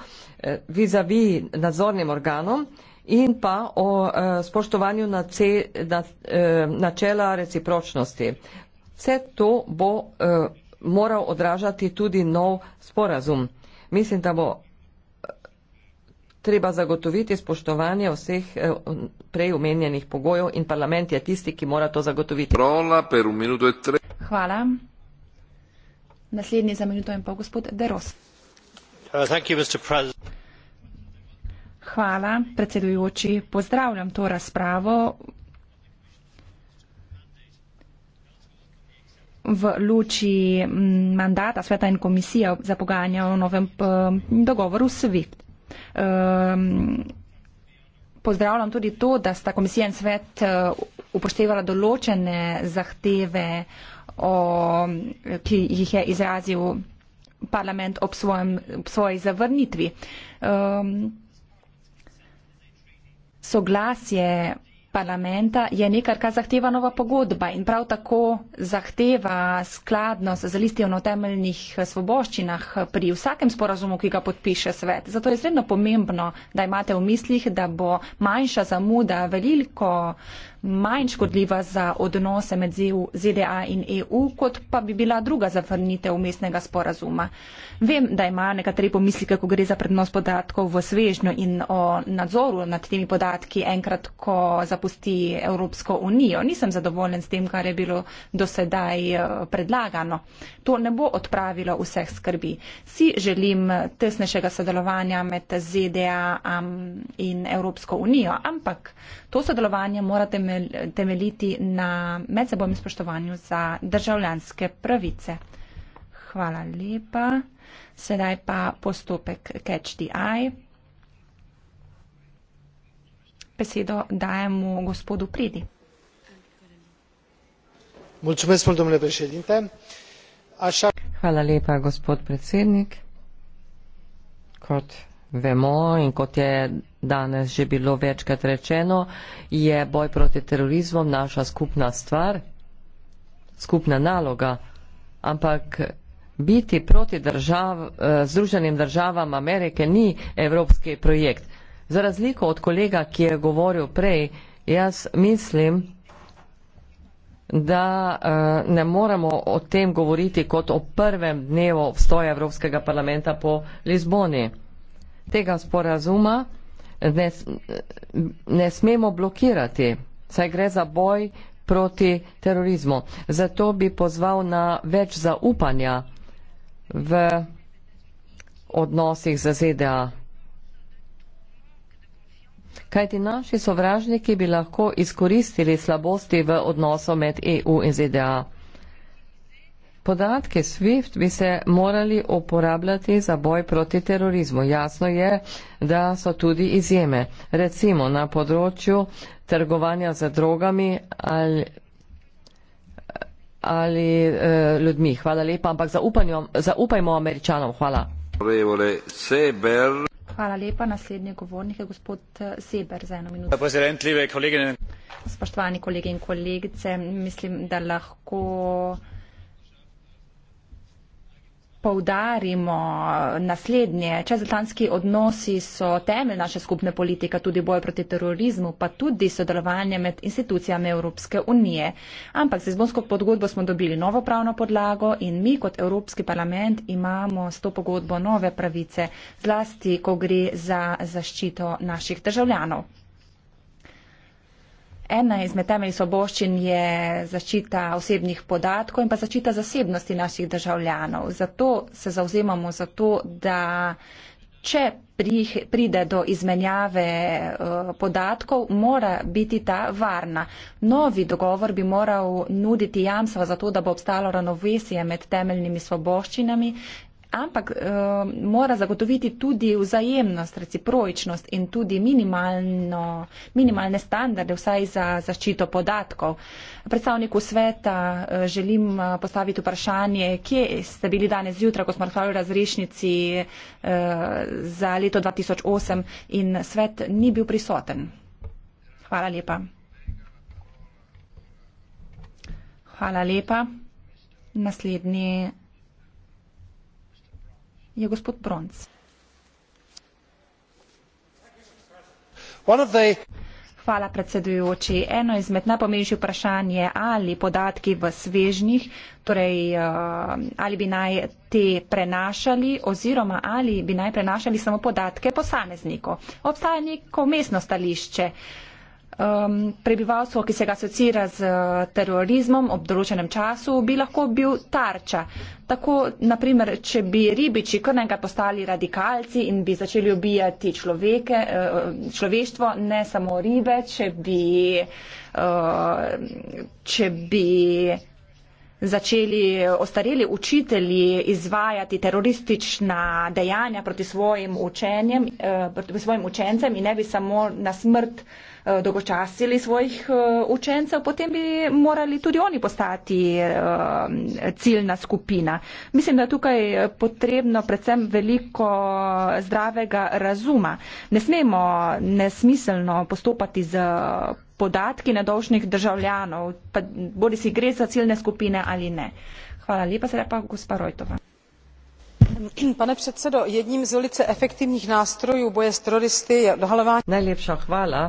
S2: vizavi nadzornim organom in pa o eh, spoštovanju eh, načela recipročnosti. Vse to bo eh, moral odražati tudi nov sporazum. Mislim, da bo treba zagotoviti spoštovanje vseh prejumenjenih pogojev in parlament je tisti, ki mora to zagotoviti. E
S5: Hvala. Naslednji za minuto in pol, gospod Deros.
S3: Uh,
S5: Hvala, predsedujoči. Pozdravljam to razpravo. v luči mm, mandata sveta in komisije za pogajanja o novem dogovoru SWIFT. Um, pozdravljam tudi to, da sta komisija in svet uh, upoštevala določene zahteve, o, ki jih je izrazil parlament ob, svojem, ob svoji zavrnitvi. Um, soglasje parlamenta je nekaj, kar zahteva nova pogodba in prav tako zahteva skladnost z listjevno temeljnih svoboščinah pri vsakem sporazumu, ki ga podpiše svet. Zato je izredno pomembno, da imate v mislih, da bo manjša zamuda veliko uh, manj škodljiva za odnose med ZDA in EU, kot pa bi bila druga zavrnitev mestnega sporazuma. Vem, da imajo nekateri pomisli, kako gre za prednos podatkov v svežnju in o nadzoru nad temi podatki enkrat, ko zapusti Evropsko unijo. Nisem zadovoljen s tem, kar je bilo dosedaj eh, predlagano. To ne bo odpravilo vseh skrbi. Si želim tesnejšega sodelovanja med ZDA um, in Evropsko unijo, ampak to sodelovanje morate temel, temeljiti na medsebojnem spoštovanju za državljanske pravice. Hvala lepa. Sedaj pa postopek Catch the Eye. Besedo dajemo gospodu Pridi.
S2: Hvala lepa, gospod predsednik. Kot vemo in kot je danes že bilo večkrat rečeno, je boj proti terorizmu naša skupna stvar, skupna naloga. Ampak biti proti držav, eh, Združenim državam Amerike ni evropski projekt. Za razliko od kolega, ki je govoril prej, jaz mislim, da eh, ne moramo o tem govoriti kot o prvem dnevu obstoja Evropskega parlamenta po Lizboni. Tega sporazuma ne, ne smemo blokirati, saj gre za boj proti terorizmu. Zato bi pozval na več zaupanja v odnosih za ZDA. Kaj ti naši sovražniki bi lahko izkoristili slabosti v odnosu med EU in ZDA? Podatke SWIFT bi se morali uporabljati za boj proti terorizmu. Jasno je, da so tudi izjeme, recimo na področju trgovanja z drogami ali, ali eh, ljudmi. Hvala lepa, ampak
S5: zaupajmo američanom. Hvala. Hvala lepa. Naslednji govornik je gospod eh, Seber za eno minuto. Spoštovani kolegi in kolegice, mislim, da lahko poudarimo naslednje. Čezatlantski odnosi so temelj naše skupne politike, tudi boj proti terorizmu, pa tudi sodelovanje med institucijami Evropske unije. Ampak z izbonsko podgodbo smo dobili novo pravno podlago in mi kot Evropski parlament imamo s to pogodbo nove pravice, zlasti ko gre za zaščito naših državljanov. Ena izmed temeljnih soboščin je zaščita osebnih podatkov in pa zaščita zasebnosti naših državljanov. Zato se zauzemamo za to, da če pride do izmenjave eh, podatkov, mora biti ta varna. Novi dogovor bi moral nuditi jamstva za to, da bo obstalo ravnovesje med temeljnimi svoboščinami ampak uh, mora zagotoviti tudi vzajemnost, recipročnost in tudi minimalne standarde, vsaj za zaščito podatkov. Predstavniku sveta uh, želim uh, postaviti vprašanje, kje ste bili danes zjutraj, ko smo razpravljali o razrešnici uh, za leto 2008 in svet ni bil prisoten. Hvala lepa. Hvala lepa. Naslednji je gospod Bronc. Hvala predsedujoči. Eno izmed najpomembnejših vprašanj je, ali podatki v svežnih, torej eh, ali bi naj te prenašali oziroma ali bi naj prenašali samo podatke posameznikov. Obstaja neko mestno stališče um, prebivalstvo, ki se ga asocira z uh, terorizmom ob določenem času, bi lahko bil tarča. Tako, naprimer, če bi ribiči kar nekaj postali radikalci in bi začeli ubijati človeke, uh, človeštvo, ne samo ribe, če bi, uh, če bi začeli ostareli učitelji izvajati teroristična dejanja proti svojim, učenjem, proti svojim učencem in ne bi samo na smrt Eh, dolgočasili svojih eh, učencev, potem bi morali tudi oni postati eh, ciljna skupina. Mislim, da je tukaj potrebno predvsem veliko zdravega razuma. Ne smemo nesmiselno postopati z podatki nedolžnih državljanov, pa bodi si gre za ciljne skupine ali ne. Hvala lepa, sedaj pa gospa Rojtova.
S3: Pane predsedo, jedním z velice efektivních nástrojů boje s teroristy je
S2: odhalování. Najlepša hvala.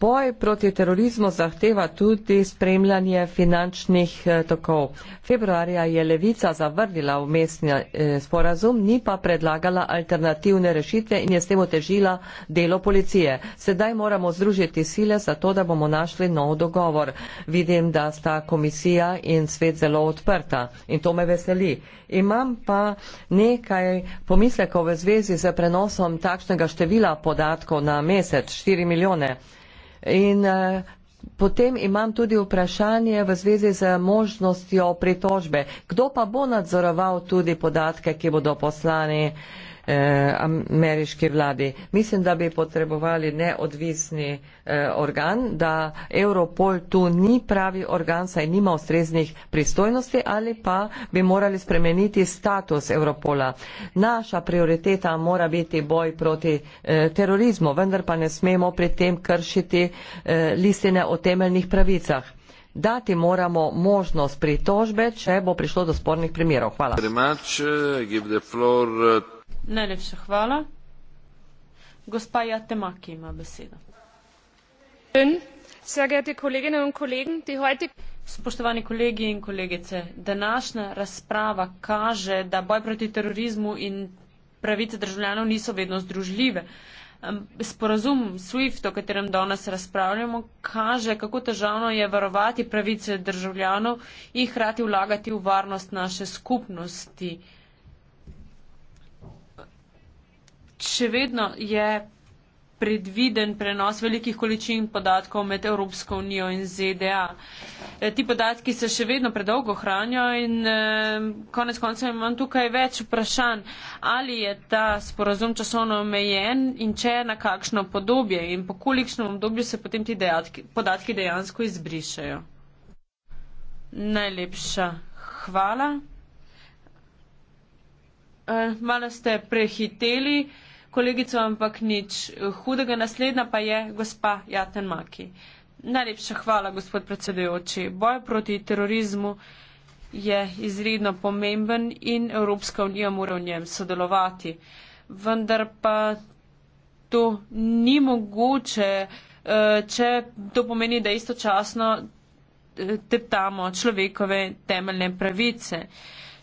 S2: Boj proti terorizmu zahteva tudi spremljanje finančnih eh, tokov. Februarja je Levica zavrnila umestni eh, sporazum, ni pa predlagala alternativne rešitve in je s tem otežila delo policije. Sedaj moramo združiti sile za to, da bomo našli nov dogovor. Vidim, da sta komisija in svet zelo odprta in to me veseli. Imam pa nekaj pomislekov v zvezi z prenosom takšnega števila podatkov na mesec, 4 milijone. In eh, potem imam tudi vprašanje v zvezi z možnostjo pritožbe. Kdo pa bo nadzoroval tudi podatke, ki bodo poslani? eh, ameriški vladi. Mislim, da bi potrebovali neodvisni eh, organ, da Europol tu ni pravi organ, saj nima ustreznih pristojnosti ali pa bi morali spremeniti status Europola. Naša prioriteta mora biti boj proti eh, terorizmu, vendar pa ne smemo pri tem kršiti eh, listine o temeljnih pravicah. Dati moramo možnost pritožbe, če bo prišlo do spornih primerov. Hvala.
S4: Much, uh,
S3: Najlepša hvala. Gospa Jatemaki ima besedo. Spoštovani kolegi in kolegice, današnja razprava kaže, da boj proti terorizmu in pravice državljanov niso vedno združljive. Sporazum SWIFT, o katerem danes razpravljamo, kaže, kako težavno je varovati pravice državljanov in hkrati vlagati v varnost naše skupnosti. še vedno je predviden prenos velikih količin podatkov med Evropsko unijo in ZDA. E, ti podatki se še vedno predolgo hranijo in e, konec konca imam tukaj več vprašanj, ali je ta sporazum časovno omejen in če je na kakšno podobje in po kolikšnem obdobju se potem ti dejatki, podatki dejansko izbrišajo. Najlepša hvala. E, malo ste prehiteli. E, kolegico, ampak nič hudega. Naslednja pa je gospa Jaten Maki. Najlepša hvala, gospod predsedujoči. Boj proti terorizmu je izredno pomemben in Evropska unija mora v njem sodelovati. Vendar pa to ni mogoče, eh, če to pomeni, da istočasno eh, teptamo človekove temeljne pravice.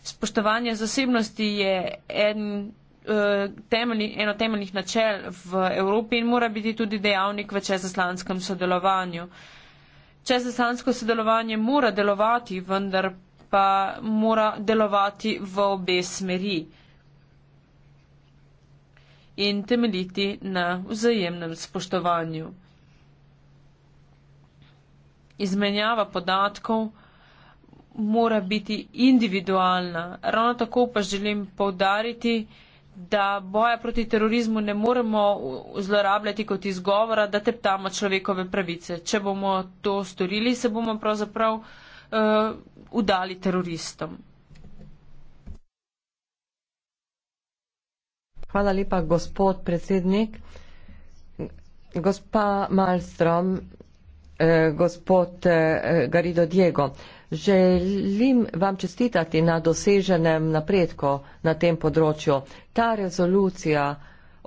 S3: Spoštovanje zasebnosti je en Eh, temeljni, eno temeljnih načel v Evropi in mora biti tudi dejavnik v čezaslanskem sodelovanju. Čezaslansko sodelovanje mora delovati, vendar pa mora delovati v obe smeri in temeljiti na vzajemnem spoštovanju. Izmenjava podatkov mora biti individualna. Ravno tako pa želim povdariti, da boja proti terorizmu ne moremo zlorabljati kot izgovora, da teptamo človekove pravice. Če bomo to storili, se bomo pravzaprav uh, udali teroristom.
S2: Hvala lepa, gospod predsednik. Gospa Malstrom, eh, gospod eh, Garido Diego. Eh, Želim vam čestitati na doseženem napredku na tem področju. Ta rezolucija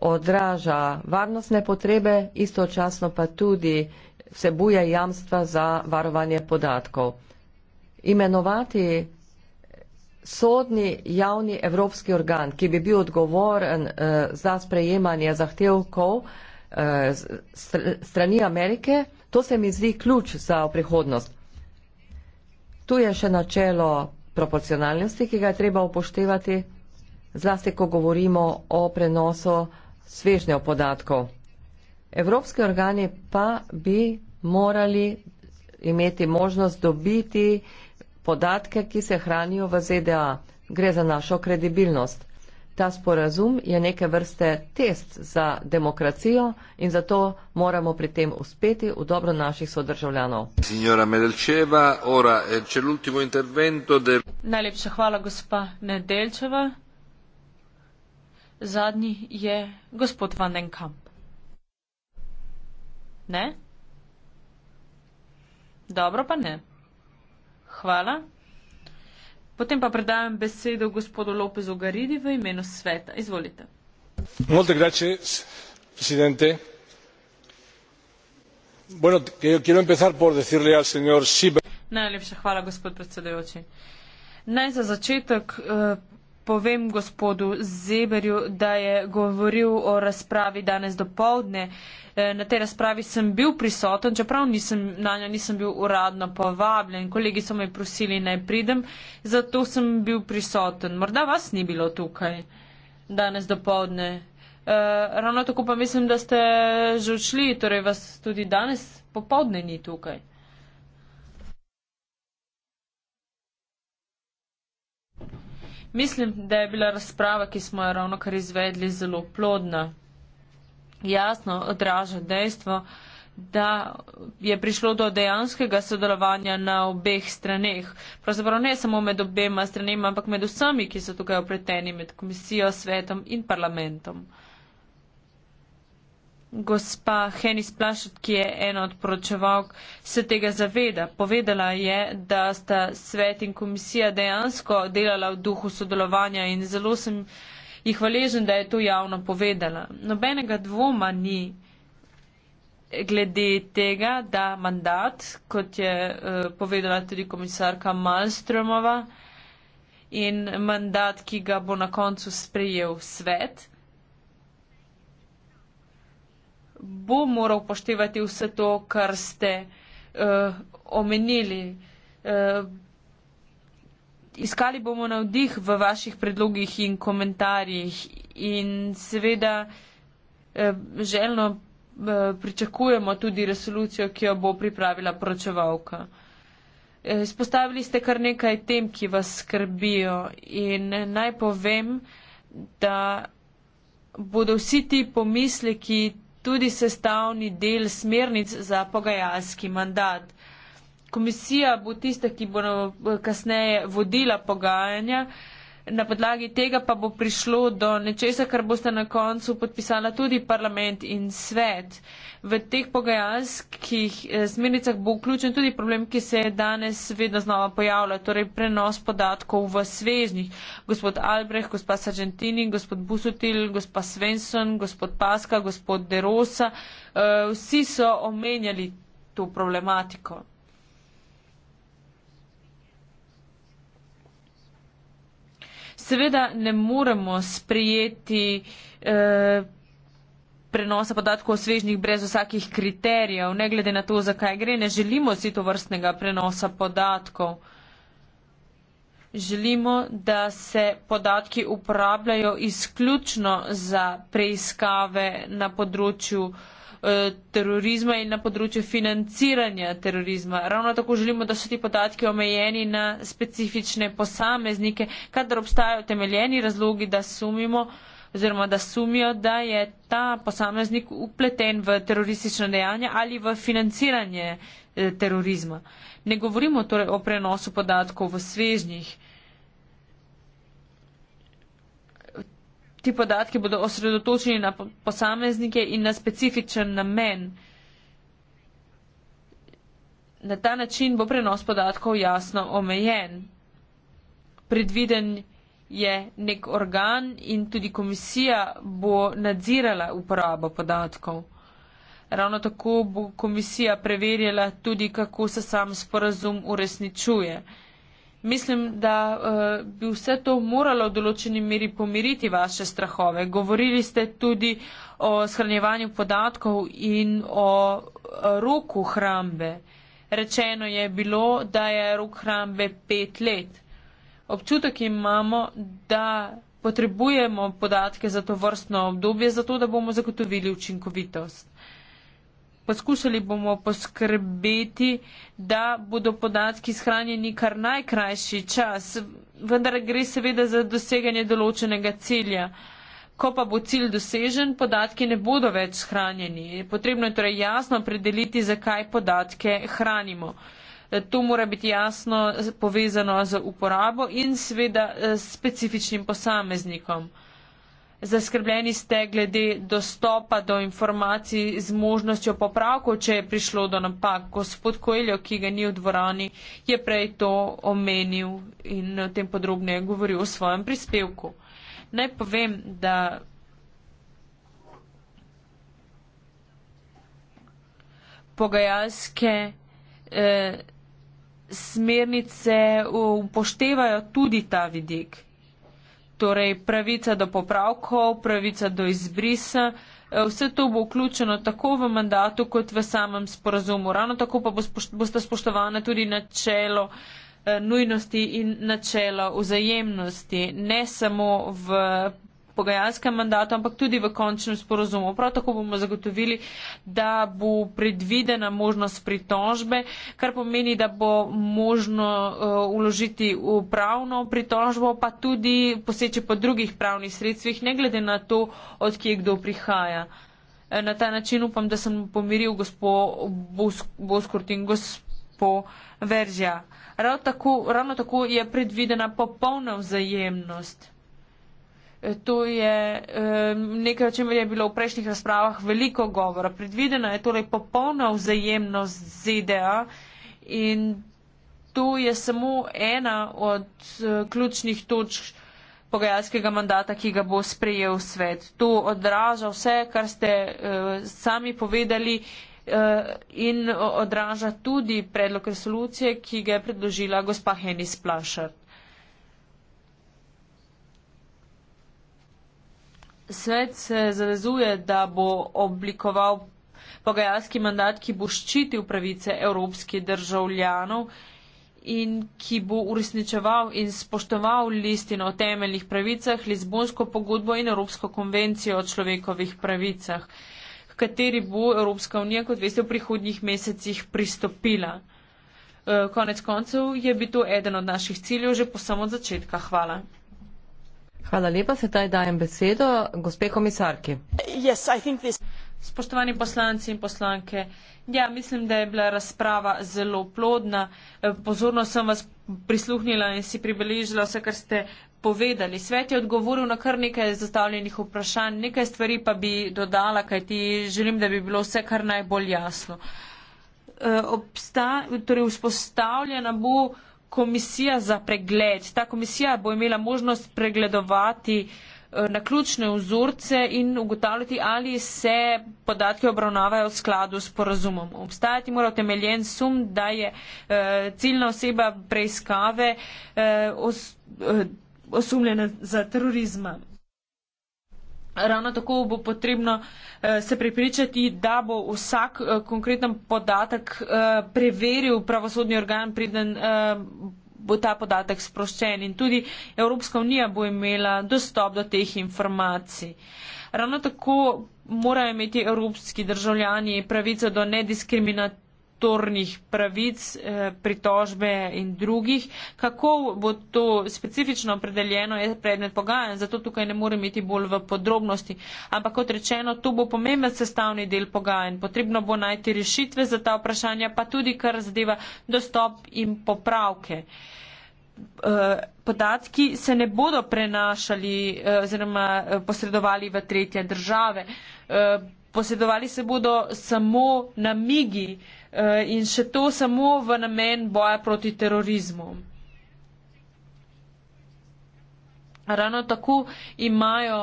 S2: odraža varnostne potrebe, istočasno pa tudi vsebuje jamstva za varovanje podatkov. Imenovati sodni javni evropski organ, ki bi bil odgovoren eh, za sprejemanje zahtevkov eh, strani Amerike, to se mi zdi ključ za prihodnost. Tu je še načelo proporcionalnosti, ki ga je treba upoštevati, zlasti ko govorimo o prenosu svežnjo podatkov. Evropski organi pa bi morali imeti možnost dobiti podatke, ki se hranijo v ZDA. Gre za našo kredibilnost ta sporazum je neke vrste test za demokracijo in zato moramo pri tem uspeti v dobro naših sodržavljanov.
S3: Najlepša hvala, gospa Nedelčeva. Zadnji je gospod Vandenkamp. Ne? Dobro pa ne. Hvala. Potem pa predajam besedo gospodu Lopezu Garidi v imenu sveta. Izvolite.
S4: Molte grače, presidente. Bueno, quiero empezar por decirle al señor Siber.
S3: Najlepša hvala, gospod predsedujoči. Naj za začetek uh, povem gospodu Zeberju, da je govoril o razpravi danes do povdne. E, na tej razpravi sem bil prisoten, čeprav nisem, na njo nisem bil uradno povabljen. Kolegi so me prosili naj pridem, zato sem bil prisoten. Morda vas ni bilo tukaj danes do povdne. E, ravno tako pa mislim, da ste že odšli, torej vas tudi danes popovdne ni tukaj. Mislim, da je bila razprava, ki smo jo ravno kar izvedli, zelo plodna. Jasno odraža dejstvo, da je prišlo do dejanskega sodelovanja na obeh straneh. Pravzaprav ne samo med obema stranema, ampak med vsemi, ki so tukaj opreteni, med komisijo, svetom in parlamentom. Gospa Henis Plašut, ki je ena od poročevalk, se tega zaveda. Povedala je, da sta svet in komisija dejansko delala v duhu sodelovanja in zelo sem jih hvaležen, da je to javno povedala. Nobenega dvoma ni glede tega, da mandat, kot je uh, povedala tudi komisarka Malmstromova, in mandat, ki ga bo na koncu sprejel svet. bo moral poštevati vse to, kar ste uh, omenili. Uh, iskali bomo navdih v vaših predlogih in komentarjih in seveda uh, eh, želno uh, pričakujemo tudi resolucijo, ki jo bo pripravila pročevalka. Izpostavili ste kar nekaj tem, ki vas skrbijo in naj povem, da bodo vsi ti pomisleki tudi sestavni del smernic za pogajalski mandat. Komisija bo tista, ki bo eh, kasneje vodila pogajanja. Na podlagi tega pa bo prišlo do nečesa, kar boste na koncu podpisala tudi parlament in svet. V teh pogajalskih eh, smernicah bo vključen tudi problem, ki se je danes vedno znova pojavljal, torej prenos podatkov v svežnih. Gospod Albreh, gospa Sargentini, gospod Busutil, gospa Svensson, gospod Paska, gospod Derosa, eh, vsi so omenjali to problematiko. seveda ne moremo sprijeti eh, prenosa podatkov o svežnjih brez vsakih kriterijev, ne glede na to, zakaj gre, ne želimo si to vrstnega prenosa podatkov. Želimo, da se podatki uporabljajo izključno za preiskave na področju podatkov, Eh, terorizma in na področju financiranja terorizma. Ravno tako želimo, da so ti podatki omejeni na specifične posameznike, kadar obstajajo temeljeni razlogi, da sumimo oziroma da sumijo, da je ta posameznik upleten v teroristično dejanje ali v financiranje eh, terorizma. Ne govorimo torej o prenosu podatkov v svežnjih. ti podatki bodo osredotočeni na posameznike in na specifičen namen. Na ta način bo prenos podatkov jasno omejen. Predviden je nek organ in tudi komisija bo nadzirala uporabo podatkov. Ravno tako bo komisija preverjala tudi, kako se sam sporazum uresničuje. Mislim, da uh, bi vse to moralo v določeni meri pomiriti vaše strahove. Govorili ste tudi o shranjevanju podatkov in o eh, roku hrambe. Rečeno je bilo, da je rok hrambe pet let. Občutek imamo, da potrebujemo podatke za to vrstno obdobje, zato da bomo zagotovili učinkovitost. Poskušali bomo poskrbeti, da bodo podatki shranjeni kar najkrajši čas, vendar gre seveda za doseganje določenega cilja. Ko pa bo cilj dosežen, podatki ne bodo več shranjeni. Potrebno je torej jasno predeliti, zakaj podatke hranimo. To mora biti jasno povezano z uporabo in seveda s eh, specifičnim posameznikom. Zaskrbljeni ste glede dostopa do informacij z možnostjo popravkov, če je prišlo do napak. Gospod Koeljo, ki ga ni v dvorani, je prej to omenil in o tem podrobneje govoril v svojem prispevku. Naj povem, da pogajalske eh, smernice upoštevajo tudi ta vidik torej pravica do popravkov, pravica do izbrisa. Eh, vse to bo vključeno tako v mandatu kot v samem sporazumu. Ravno tako pa boste spoštovane tudi načelo eh, nujnosti in načelo vzajemnosti, ne samo v pogajalskem mandatu, ampak tudi v končnem sporozumu. Prav tako bomo zagotovili, da bo predvidena možnost pritožbe, kar pomeni, da bo možno uložiti eh, upravno pritožbo, pa tudi poseči po drugih pravnih sredstvih, ne glede na to, od kje kdo prihaja. Eh, na ta način upam, da sem pomiril gospod Boskurt in gospod Veržja. Rav tako, ravno tako je predvidena popolna vzajemnost. To je nekaj, o čemer je bilo v prejšnjih razpravah veliko govora. Predvidena je torej popolna vzajemnost ZDA in to je samo ena od eh, ključnih točk pogajalskega mandata, ki ga bo sprejel svet. To odraža vse, kar ste eh, sami povedali eh, in odraža tudi predlog resolucije, ki ga je predložila gospa Henis Plašar. Svet se zavezuje, da bo oblikoval pogajalski mandat, ki bo ščitil pravice evropskih državljanov in ki bo uresničeval in spoštoval listino o temeljnih pravicah, Lizbonsko pogodbo in Evropsko konvencijo o človekovih pravicah, v kateri bo Evropska unija, kot veste, v prihodnjih mesecih pristopila. Eh, konec koncev je bi to eden od naših ciljev že po samo začetka. Hvala.
S2: Hvala lepa, sedaj dajem besedo gospe komisarki.
S3: Yes, this... Spoštovani poslanci in poslanke, ja, mislim, da je bila razprava zelo plodna. E, pozorno sem vas prisluhnila in si pribeležila vse, kar ste povedali. Svet je odgovoril na kar nekaj zastavljenih vprašanj, nekaj stvari pa bi dodala, kaj ti želim, da bi bilo vse kar najbolj jasno. E, obsta, torej vzpostavljena bo komisija za pregled. Ta komisija bo imela možnost pregledovati eh, na ključne vzorce in ugotavljati, ali se podatki obravnavajo v skladu s porazumom. Obstajati mora utemeljen sum, da je eh, ciljna oseba preiskave eh, osumljena za terorizma. Ravno tako bo potrebno eh, se prepričati, da bo vsak eh, konkreten podatek eh, preveril pravosodni organ, preden bo ta podatek sproščen in tudi Evropska unija bo imela dostop do teh informacij. Ravno tako morajo imeti evropski državljani pravico do nediskriminatorja avtornih pravic, eh, pritožbe in drugih. Kako bo to specifično opredeljeno, je predmet pogajanj, zato tukaj ne morem iti bolj v podrobnosti. Ampak kot rečeno, to bo pomemben sestavni del pogajanj. Potrebno bo najti rešitve za ta vprašanja, pa tudi kar zadeva dostop in popravke. Eh, podatki se ne bodo prenašali eh, oziroma posredovali v tretje države. Posedovali se bodo samo namigi, Eh, in še to samo v namen boja proti terorizmu. Ravno tako imajo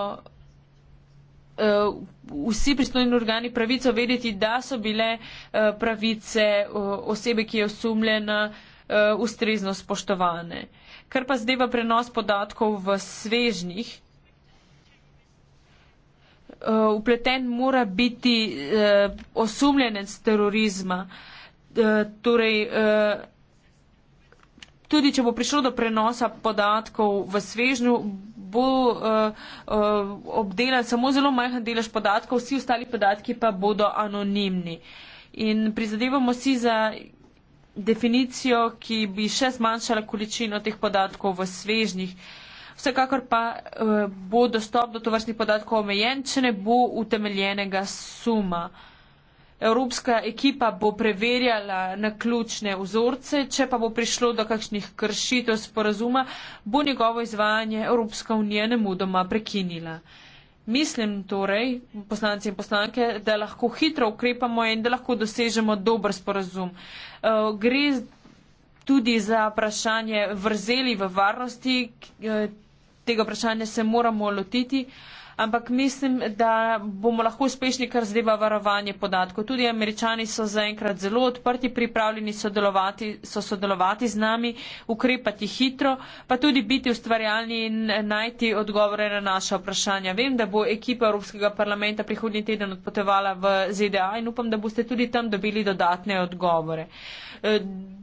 S3: eh, vsi pristojni organi pravico vedeti, da so bile eh, pravice osebe, ki je osumljena, ustrezno spoštovane. Kar pa zdaj v prenos podatkov v svežnih, uh, eh, upleten mora biti uh, osumljenec terorizma. Uh, torej, uh, tudi če bo prišlo do prenosa podatkov v svežnju, bo uh, uh, obdelan samo zelo majhen delež podatkov, vsi ostali podatki pa bodo anonimni. In prizadevamo si za definicijo, ki bi še zmanjšala količino teh podatkov v svežnjih. Uh, Vsekakor pa eh, bo dostop do tovrstnih podatkov omejen, če ne bo utemeljenega suma. Evropska ekipa bo preverjala na ključne vzorce, če pa bo prišlo do kakšnih kršitev sporazuma, bo njegovo izvajanje Evropska unija nemudoma prekinila. Mislim torej, poslanci in poslanke, da lahko hitro ukrepamo in da lahko dosežemo dober sporazum. Eh, gre tudi za vprašanje vrzeli v varnosti, eh, tega vprašanja se moramo lotiti ampak mislim, da bomo lahko uspešni, kar zdeva varovanje podatkov. Tudi američani so zaenkrat zelo odprti, pripravljeni sodelovati, so sodelovati z nami, ukrepati hitro, pa tudi biti ustvarjalni in najti odgovore na naše vprašanja. Vem, da bo ekipa Evropskega parlamenta prihodnji teden odpotovala v ZDA in upam, da boste tudi tam dobili dodatne odgovore. E,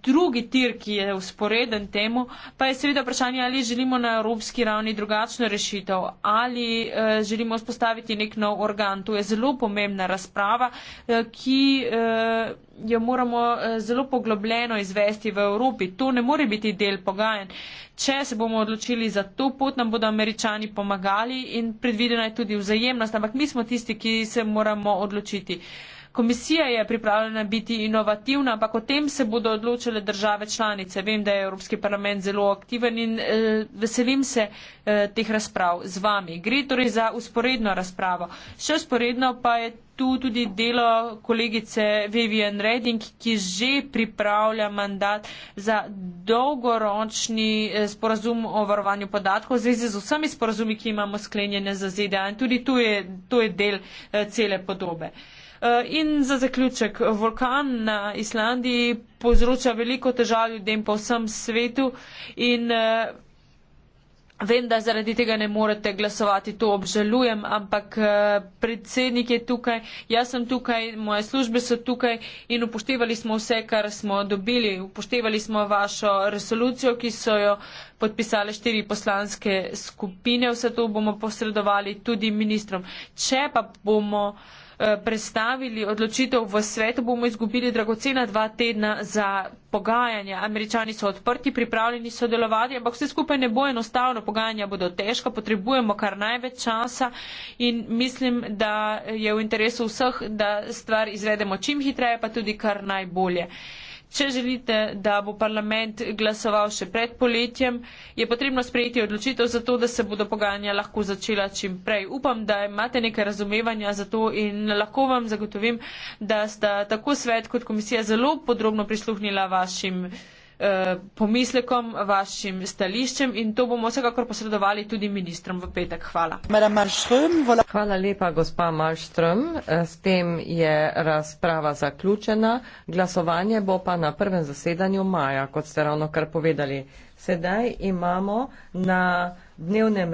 S3: drugi tir, ki je usporeden temu, pa je seveda vprašanje, ali želimo na evropski ravni drugačno rešitev, ali e, želimo spostaviti nek nov organ. To je zelo pomembna razprava, eh, ki eh, jo moramo eh, zelo poglobljeno izvesti v Evropi. To ne more biti del pogajanj. Če se bomo odločili za to pot, nam bodo američani pomagali in predvidena je tudi vzajemnost, ampak mi smo tisti, ki se moramo odločiti. Komisija je pripravljena biti inovativna, ampak o tem se bodo odločile države članice. Vem, da je Evropski parlament zelo aktiven in eh, veselim se eh, teh razprav z vami. Gre torej za usporedno razpravo. Še usporedno pa je tu tudi delo kolegice Vivian Redding, ki že pripravlja mandat za dolgoročni eh, sporazum o varovanju podatkov v zvezi z vsemi sporazumi, ki imamo sklenjene za ZDA. In tudi to je, to je del eh, cele podobe. Eh, Eh, in za zaključek, vulkan na Islandiji povzroča veliko težav ljudem po vsem svetu in eh, vem, da zaradi tega ne morete glasovati, to obžalujem, ampak eh, predsednik je tukaj, jaz sem tukaj, moje službe so tukaj in upoštevali smo vse, kar smo dobili. Upoštevali smo vašo resolucijo, ki so jo podpisale štiri poslanske skupine, vse to bomo posredovali tudi ministrom. Če pa bomo. Eh, prestavili odločitev v svetu, bomo izgubili dragocena dva tedna za pogajanja. Američani so odprti, pripravljeni sodelovati, ampak vse skupaj ne bo enostavno, pogajanja bodo težka, potrebujemo kar največ časa in mislim, da je v interesu vseh, da stvar izvedemo čim hitreje, pa tudi kar najbolje. Uh, Če želite, da bo parlament glasoval še pred poletjem, je potrebno sprejeti odločitev za to, da se bodo pogajanja lahko začela čim prej. Upam, da imate nekaj razumevanja za to in lahko vam zagotovim, da sta tako svet kot komisija zelo podrobno prisluhnila vašim. Eh, pomislekom, vašim stališčem in to bomo vsekakor posredovali tudi ministrom v petek. Hvala.
S2: Hvala lepa, gospa Malström. Eh, s tem je razprava zaključena. Glasovanje bo pa na prvem zasedanju maja, kot ste ravno kar povedali. Sedaj imamo na dnevnem.